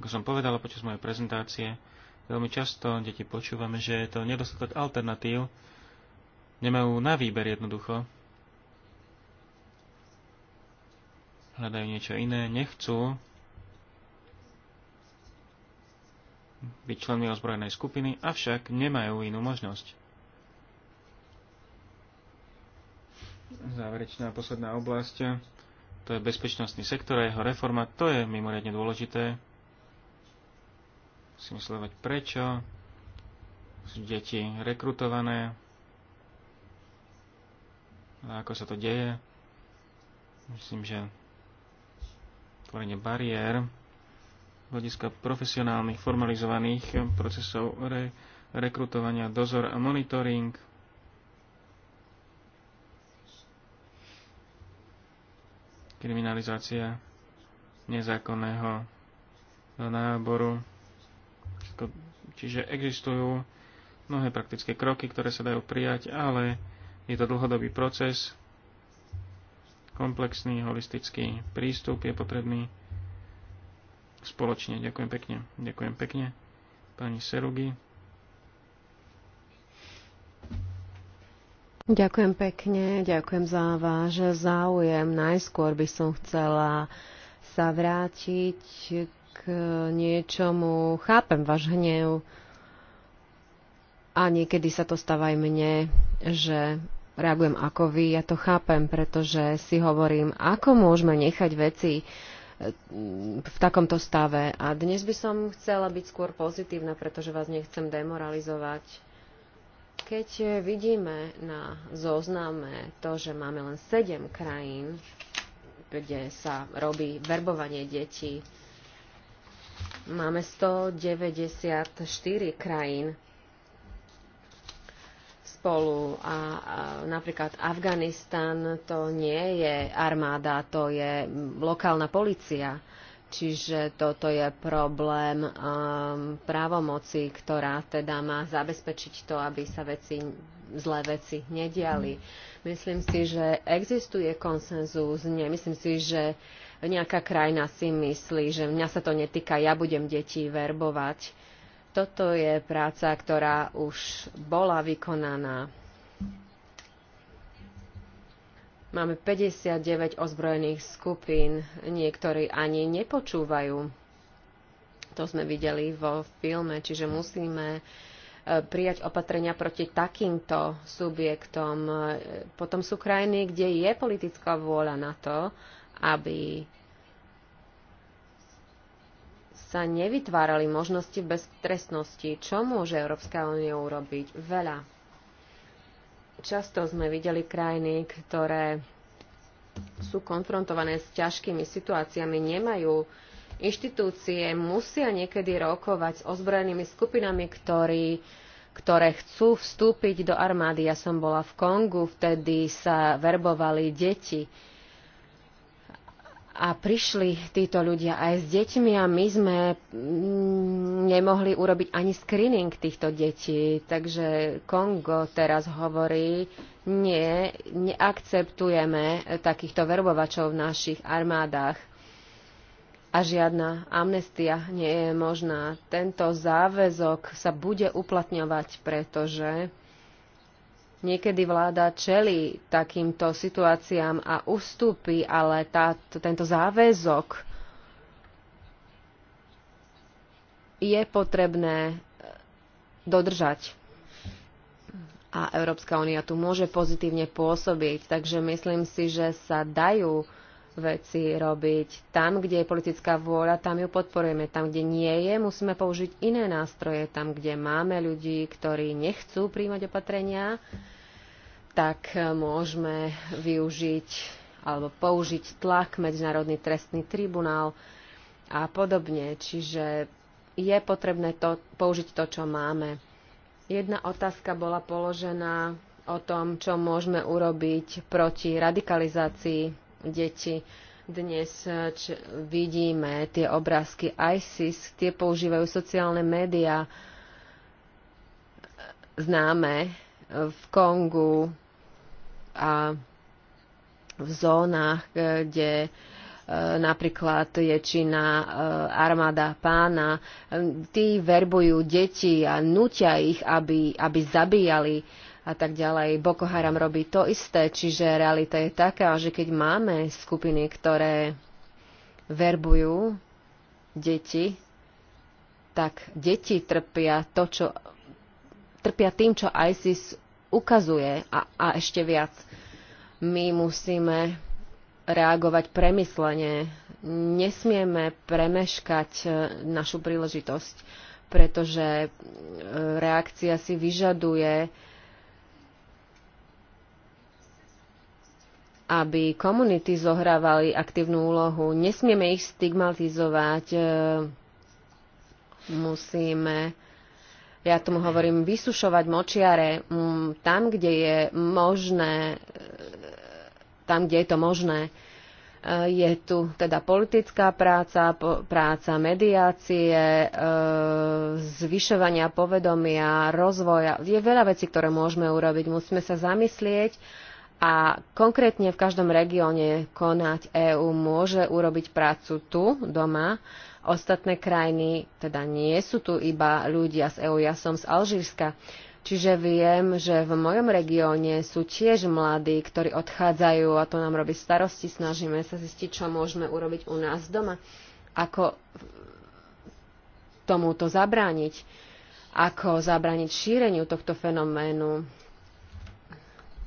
Ako som povedala počas mojej prezentácie, veľmi často deti počúvame, že je to nedostatok alternatív, nemajú na výber jednoducho. Hľadajú niečo iné, nechcú byť členmi ozbrojenej skupiny, avšak nemajú inú možnosť. záverečná posledná oblasť, to je bezpečnostný sektor a jeho reforma, to je mimoriadne dôležité. Musím sledovať prečo, sú deti rekrutované, a ako sa to deje. Myslím, že tvorenie bariér hľadiska profesionálnych formalizovaných procesov re, rekrutovania, dozor a monitoring kriminalizácia nezákonného náboru. Čiže existujú mnohé praktické kroky, ktoré sa dajú prijať, ale je to dlhodobý proces, komplexný, holistický prístup je potrebný spoločne. Ďakujem pekne. Ďakujem pekne. Pani Serugi. Ďakujem pekne, ďakujem za váš záujem. Najskôr by som chcela sa vrátiť k niečomu. Chápem váš hnev a niekedy sa to stáva aj mne, že reagujem ako vy. Ja to chápem, pretože si hovorím, ako môžeme nechať veci e, v takomto stave. A dnes by som chcela byť skôr pozitívna, pretože vás nechcem demoralizovať keď vidíme na zozname to, že máme len 7 krajín, kde sa robí verbovanie detí, máme 194 krajín spolu a, a napríklad Afganistan to nie je armáda, to je lokálna policia Čiže toto je problém um, právomoci, ktorá teda má zabezpečiť to, aby sa veci, zlé veci nediali. Myslím si, že existuje konsenzus. Nemyslím si, že nejaká krajina si myslí, že mňa sa to netýka, ja budem deti verbovať. Toto je práca, ktorá už bola vykonaná Máme 59 ozbrojených skupín, niektorí ani nepočúvajú. To sme videli vo filme, čiže musíme e, prijať opatrenia proti takýmto subjektom. E, potom sú krajiny, kde je politická vôľa na to, aby sa nevytvárali možnosti bez trestnosti, Čo môže Európska únia urobiť? Veľa Často sme videli krajiny, ktoré sú konfrontované s ťažkými situáciami, nemajú inštitúcie, musia niekedy rokovať s ozbrojenými skupinami, ktorí, ktoré chcú vstúpiť do armády. Ja som bola v Kongu, vtedy sa verbovali deti a prišli títo ľudia aj s deťmi a my sme mm, nemohli urobiť ani screening týchto detí. Takže Kongo teraz hovorí, nie, neakceptujeme takýchto verbovačov v našich armádach a žiadna amnestia nie je možná. Tento záväzok sa bude uplatňovať, pretože Niekedy vláda čelí takýmto situáciám a ustúpi, ale tá, tento záväzok je potrebné e, dodržať. A Európska únia tu môže pozitívne pôsobiť, takže myslím si, že sa dajú veci robiť. Tam, kde je politická vôľa, tam ju podporujeme. Tam, kde nie je, musíme použiť iné nástroje. Tam, kde máme ľudí, ktorí nechcú príjmať opatrenia, tak eh, môžeme využiť alebo použiť tlak Medzinárodný trestný tribunál a podobne. Čiže je potrebné to, použiť to, čo máme. Jedna otázka bola položená o tom, čo môžeme urobiť proti radikalizácii detí. Dnes eh, vidíme tie obrázky ISIS, tie používajú sociálne médiá známe eh, v Kongu, a v zónach, e, kde e, napríklad je činná e, armáda pána. Tí verbujú deti a nutia ich, aby, aby zabíjali a tak ďalej. Boko Haram robí to isté, čiže realita je taká, že keď máme skupiny, ktoré verbujú deti, tak deti trpia to, čo trpia tým, čo ISIS ukazuje a, a ešte viac. My musíme reagovať premyslene. Nesmieme premeškať e, našu príležitosť, pretože e, reakcia si vyžaduje, aby komunity zohrávali aktívnu úlohu. Nesmieme ich stigmatizovať, e, musíme ja tomu hovorím vysušovať močiare mm, tam, kde je možné, e, tam, kde je to možné. E, je tu teda politická práca, práca mediácie, e, zvyšovania povedomia, rozvoja. Je veľa vecí, ktoré môžeme urobiť. Musíme sa zamyslieť a konkrétne v každom regióne konať EÚ môže urobiť prácu tu, doma, ostatné krajiny, teda nie sú tu iba ľudia z EU, ja som z Alžírska. Čiže viem, že v mojom regióne sú tiež mladí, ktorí odchádzajú a to nám robí starosti. Snažíme sa zistiť, čo môžeme urobiť u nás doma. Ako tomuto zabrániť. Ako zabrániť šíreniu tohto fenoménu.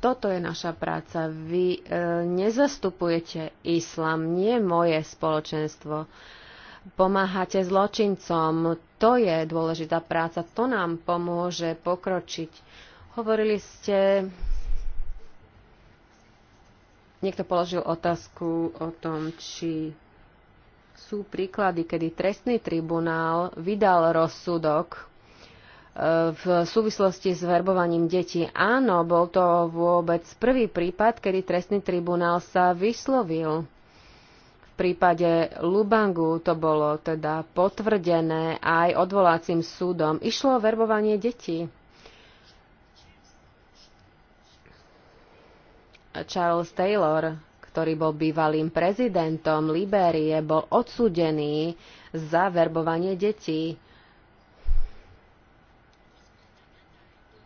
Toto je naša práca. Vy e, nezastupujete islám, nie moje spoločenstvo. E, pomáhate zločincom. To je dôležitá práca, to nám pomôže pokročiť. Hovorili ste, niekto položil otázku o tom, či sú príklady, kedy trestný tribunál vydal rozsudok e, v súvislosti s verbovaním detí. Áno, bol to vôbec prvý prípad, kedy trestný tribunál sa vyslovil prípade Lubangu to bolo teda potvrdené aj odvolacím súdom. Išlo o verbovanie detí. Charles Taylor, ktorý bol bývalým prezidentom Libérie, bol odsudený za verbovanie detí.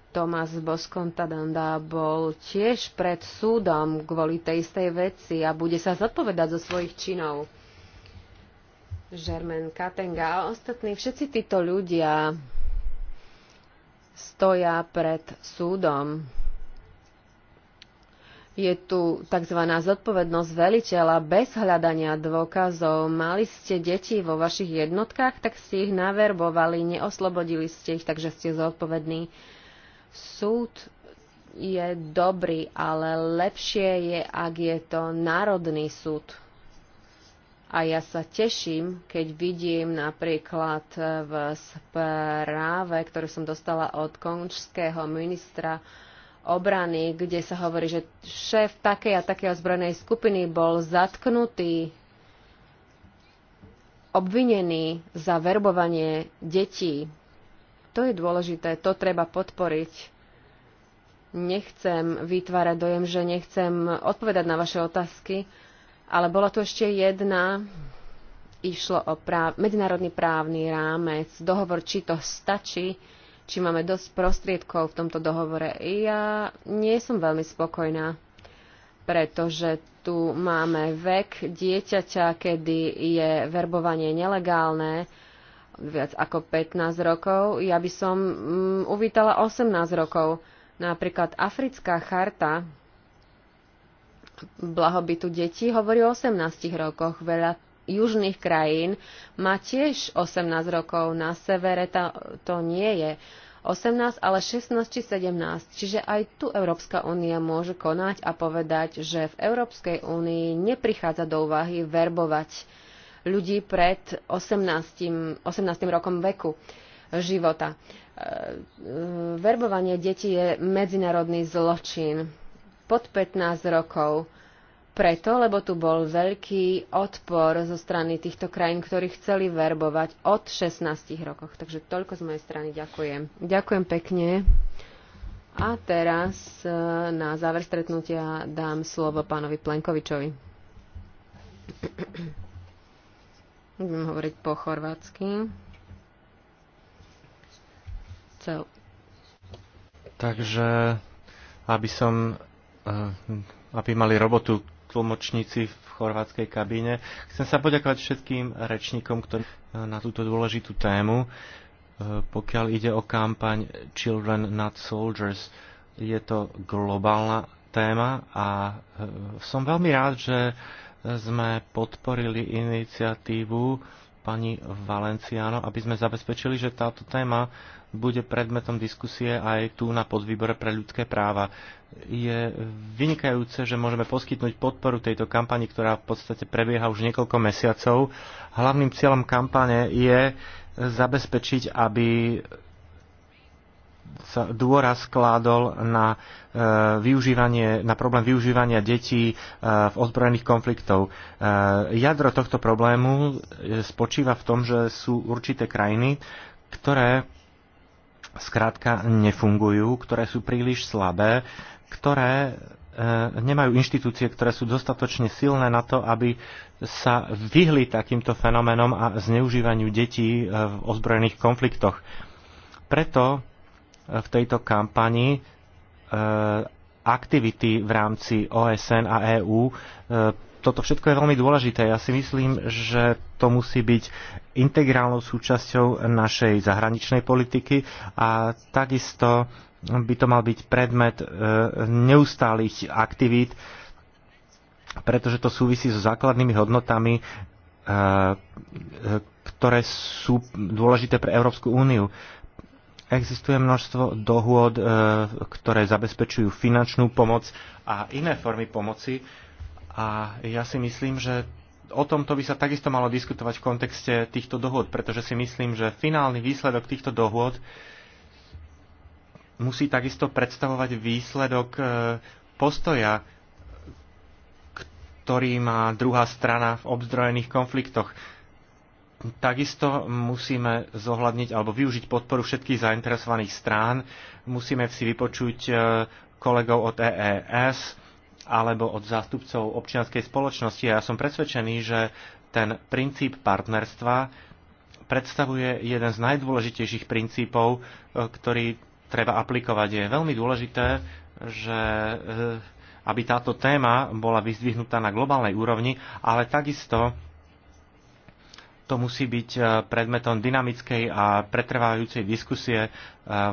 Tomás Boskontadanda bol tiež pred súdom kvôli tej istej veci a bude sa zodpovedať zo svojich činov. Žermen Katenga a ostatní, všetci títo ľudia stoja pred súdom. Je tu tzv. zodpovednosť veliteľa bez hľadania dôkazov. Mali ste deti vo vašich jednotkách, tak ste ich naverbovali, neoslobodili ste ich, takže ste zodpovední súd je dobrý, ale lepšie je, ak je to národný súd. A ja sa teším, keď vidím napríklad v správe, ktorú som dostala od končského ministra obrany, kde sa hovorí, že šéf takej a takej ozbrojenej skupiny bol zatknutý, obvinený za verbovanie detí to je dôležité, to treba podporiť. Nechcem vytvárať dojem, že nechcem odpovedať na vaše otázky, ale bola tu ešte jedna. Išlo o práv- medzinárodný právny rámec, dohovor, či to stačí, či máme dosť prostriedkov v tomto dohovore. Ja nie som veľmi spokojná pretože tu máme vek dieťaťa, kedy je verbovanie nelegálne viac ako 15 rokov. Ja by som mm, uvítala 18 rokov. Napríklad Africká charta blahobytu detí hovorí o 18 rokoch. Veľa južných krajín má tiež 18 rokov. Na severe to, to nie je. 18, ale 16 či 17. Čiže aj tu Európska únia môže konať a povedať, že v Európskej únii neprichádza do úvahy verbovať ľudí pred 18. 18. rokom veku života. E, verbovanie detí je medzinárodný zločin pod 15 rokov. Preto, lebo tu bol veľký odpor zo strany týchto krajín, ktorí chceli verbovať od 16 rokov. Takže toľko z mojej strany. Ďakujem. Ďakujem pekne. A teraz e, na záver stretnutia dám slovo pánovi Plenkovičovi. Budem hovoriť po chorvátsky. Cel. Takže, aby som, eh, aby mali robotu tlmočníci v chorvátskej kabíne, chcem sa poďakovať všetkým rečníkom, ktorí na túto dôležitú tému, eh, pokiaľ ide o kampaň Children Not Soldiers, je to globálna téma a eh, som veľmi rád, že sme podporili iniciatívu pani Valenciano, aby sme zabezpečili, že táto téma bude predmetom diskusie aj tu na podvýbore pre ľudské práva. Je vynikajúce, že môžeme poskytnúť podporu tejto kampani, ktorá v podstate prebieha už niekoľko mesiacov. Hlavným cieľom kampane je zabezpečiť, aby sa dôraz kládol na, e, využívanie, na problém využívania detí e, v ozbrojených konfliktov. E, jadro tohto problému e, spočíva v tom, že sú určité krajiny, ktoré zkrátka nefungujú, ktoré sú príliš slabé, ktoré e, nemajú inštitúcie, ktoré sú dostatočne silné na to, aby sa vyhli takýmto fenoménom a zneužívaniu detí e, v ozbrojených konfliktoch. Preto v tejto kampani e, aktivity v rámci OSN a EÚ. E, toto všetko je veľmi dôležité. Ja si myslím, že to musí byť integrálnou súčasťou našej zahraničnej politiky a takisto by to mal byť predmet e, neustálych aktivít, pretože to súvisí so základnými hodnotami, ktoré sú dôležité pre Európsku úniu. Existuje množstvo dohôd, e, ktoré zabezpečujú finančnú pomoc a iné formy pomoci. A ja si myslím, že o tomto by sa takisto malo diskutovať v kontexte týchto dohôd, pretože si myslím, že finálny výsledok týchto dohôd musí takisto predstavovať výsledok e, postoja, ktorý má druhá strana v obzdrojených konfliktoch Takisto musíme zohľadniť alebo využiť podporu všetkých zainteresovaných strán. Musíme si vypočuť e, kolegov od EES alebo od zástupcov občianskej spoločnosti. A ja som presvedčený, že ten princíp partnerstva predstavuje jeden z najdôležitejších princípov, e, ktorý treba aplikovať. Je veľmi dôležité, že e, aby táto téma bola vyzdvihnutá na globálnej úrovni, ale takisto to musí byť e, predmetom dynamickej a pretrvajúcej diskusie e,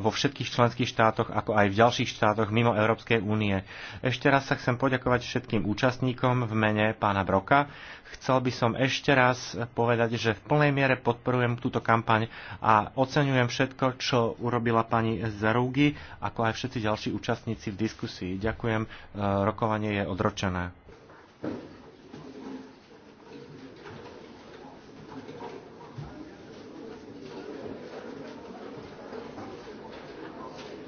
vo všetkých členských štátoch, ako aj v ďalších štátoch mimo Európskej únie. Ešte raz sa chcem poďakovať všetkým účastníkom v mene pána Broka. Chcel by som ešte raz povedať, že v plnej miere podporujem túto kampaň a oceňujem všetko, čo urobila pani Zarugi, ako aj všetci ďalší účastníci v diskusii. Ďakujem, e, rokovanie je odročené.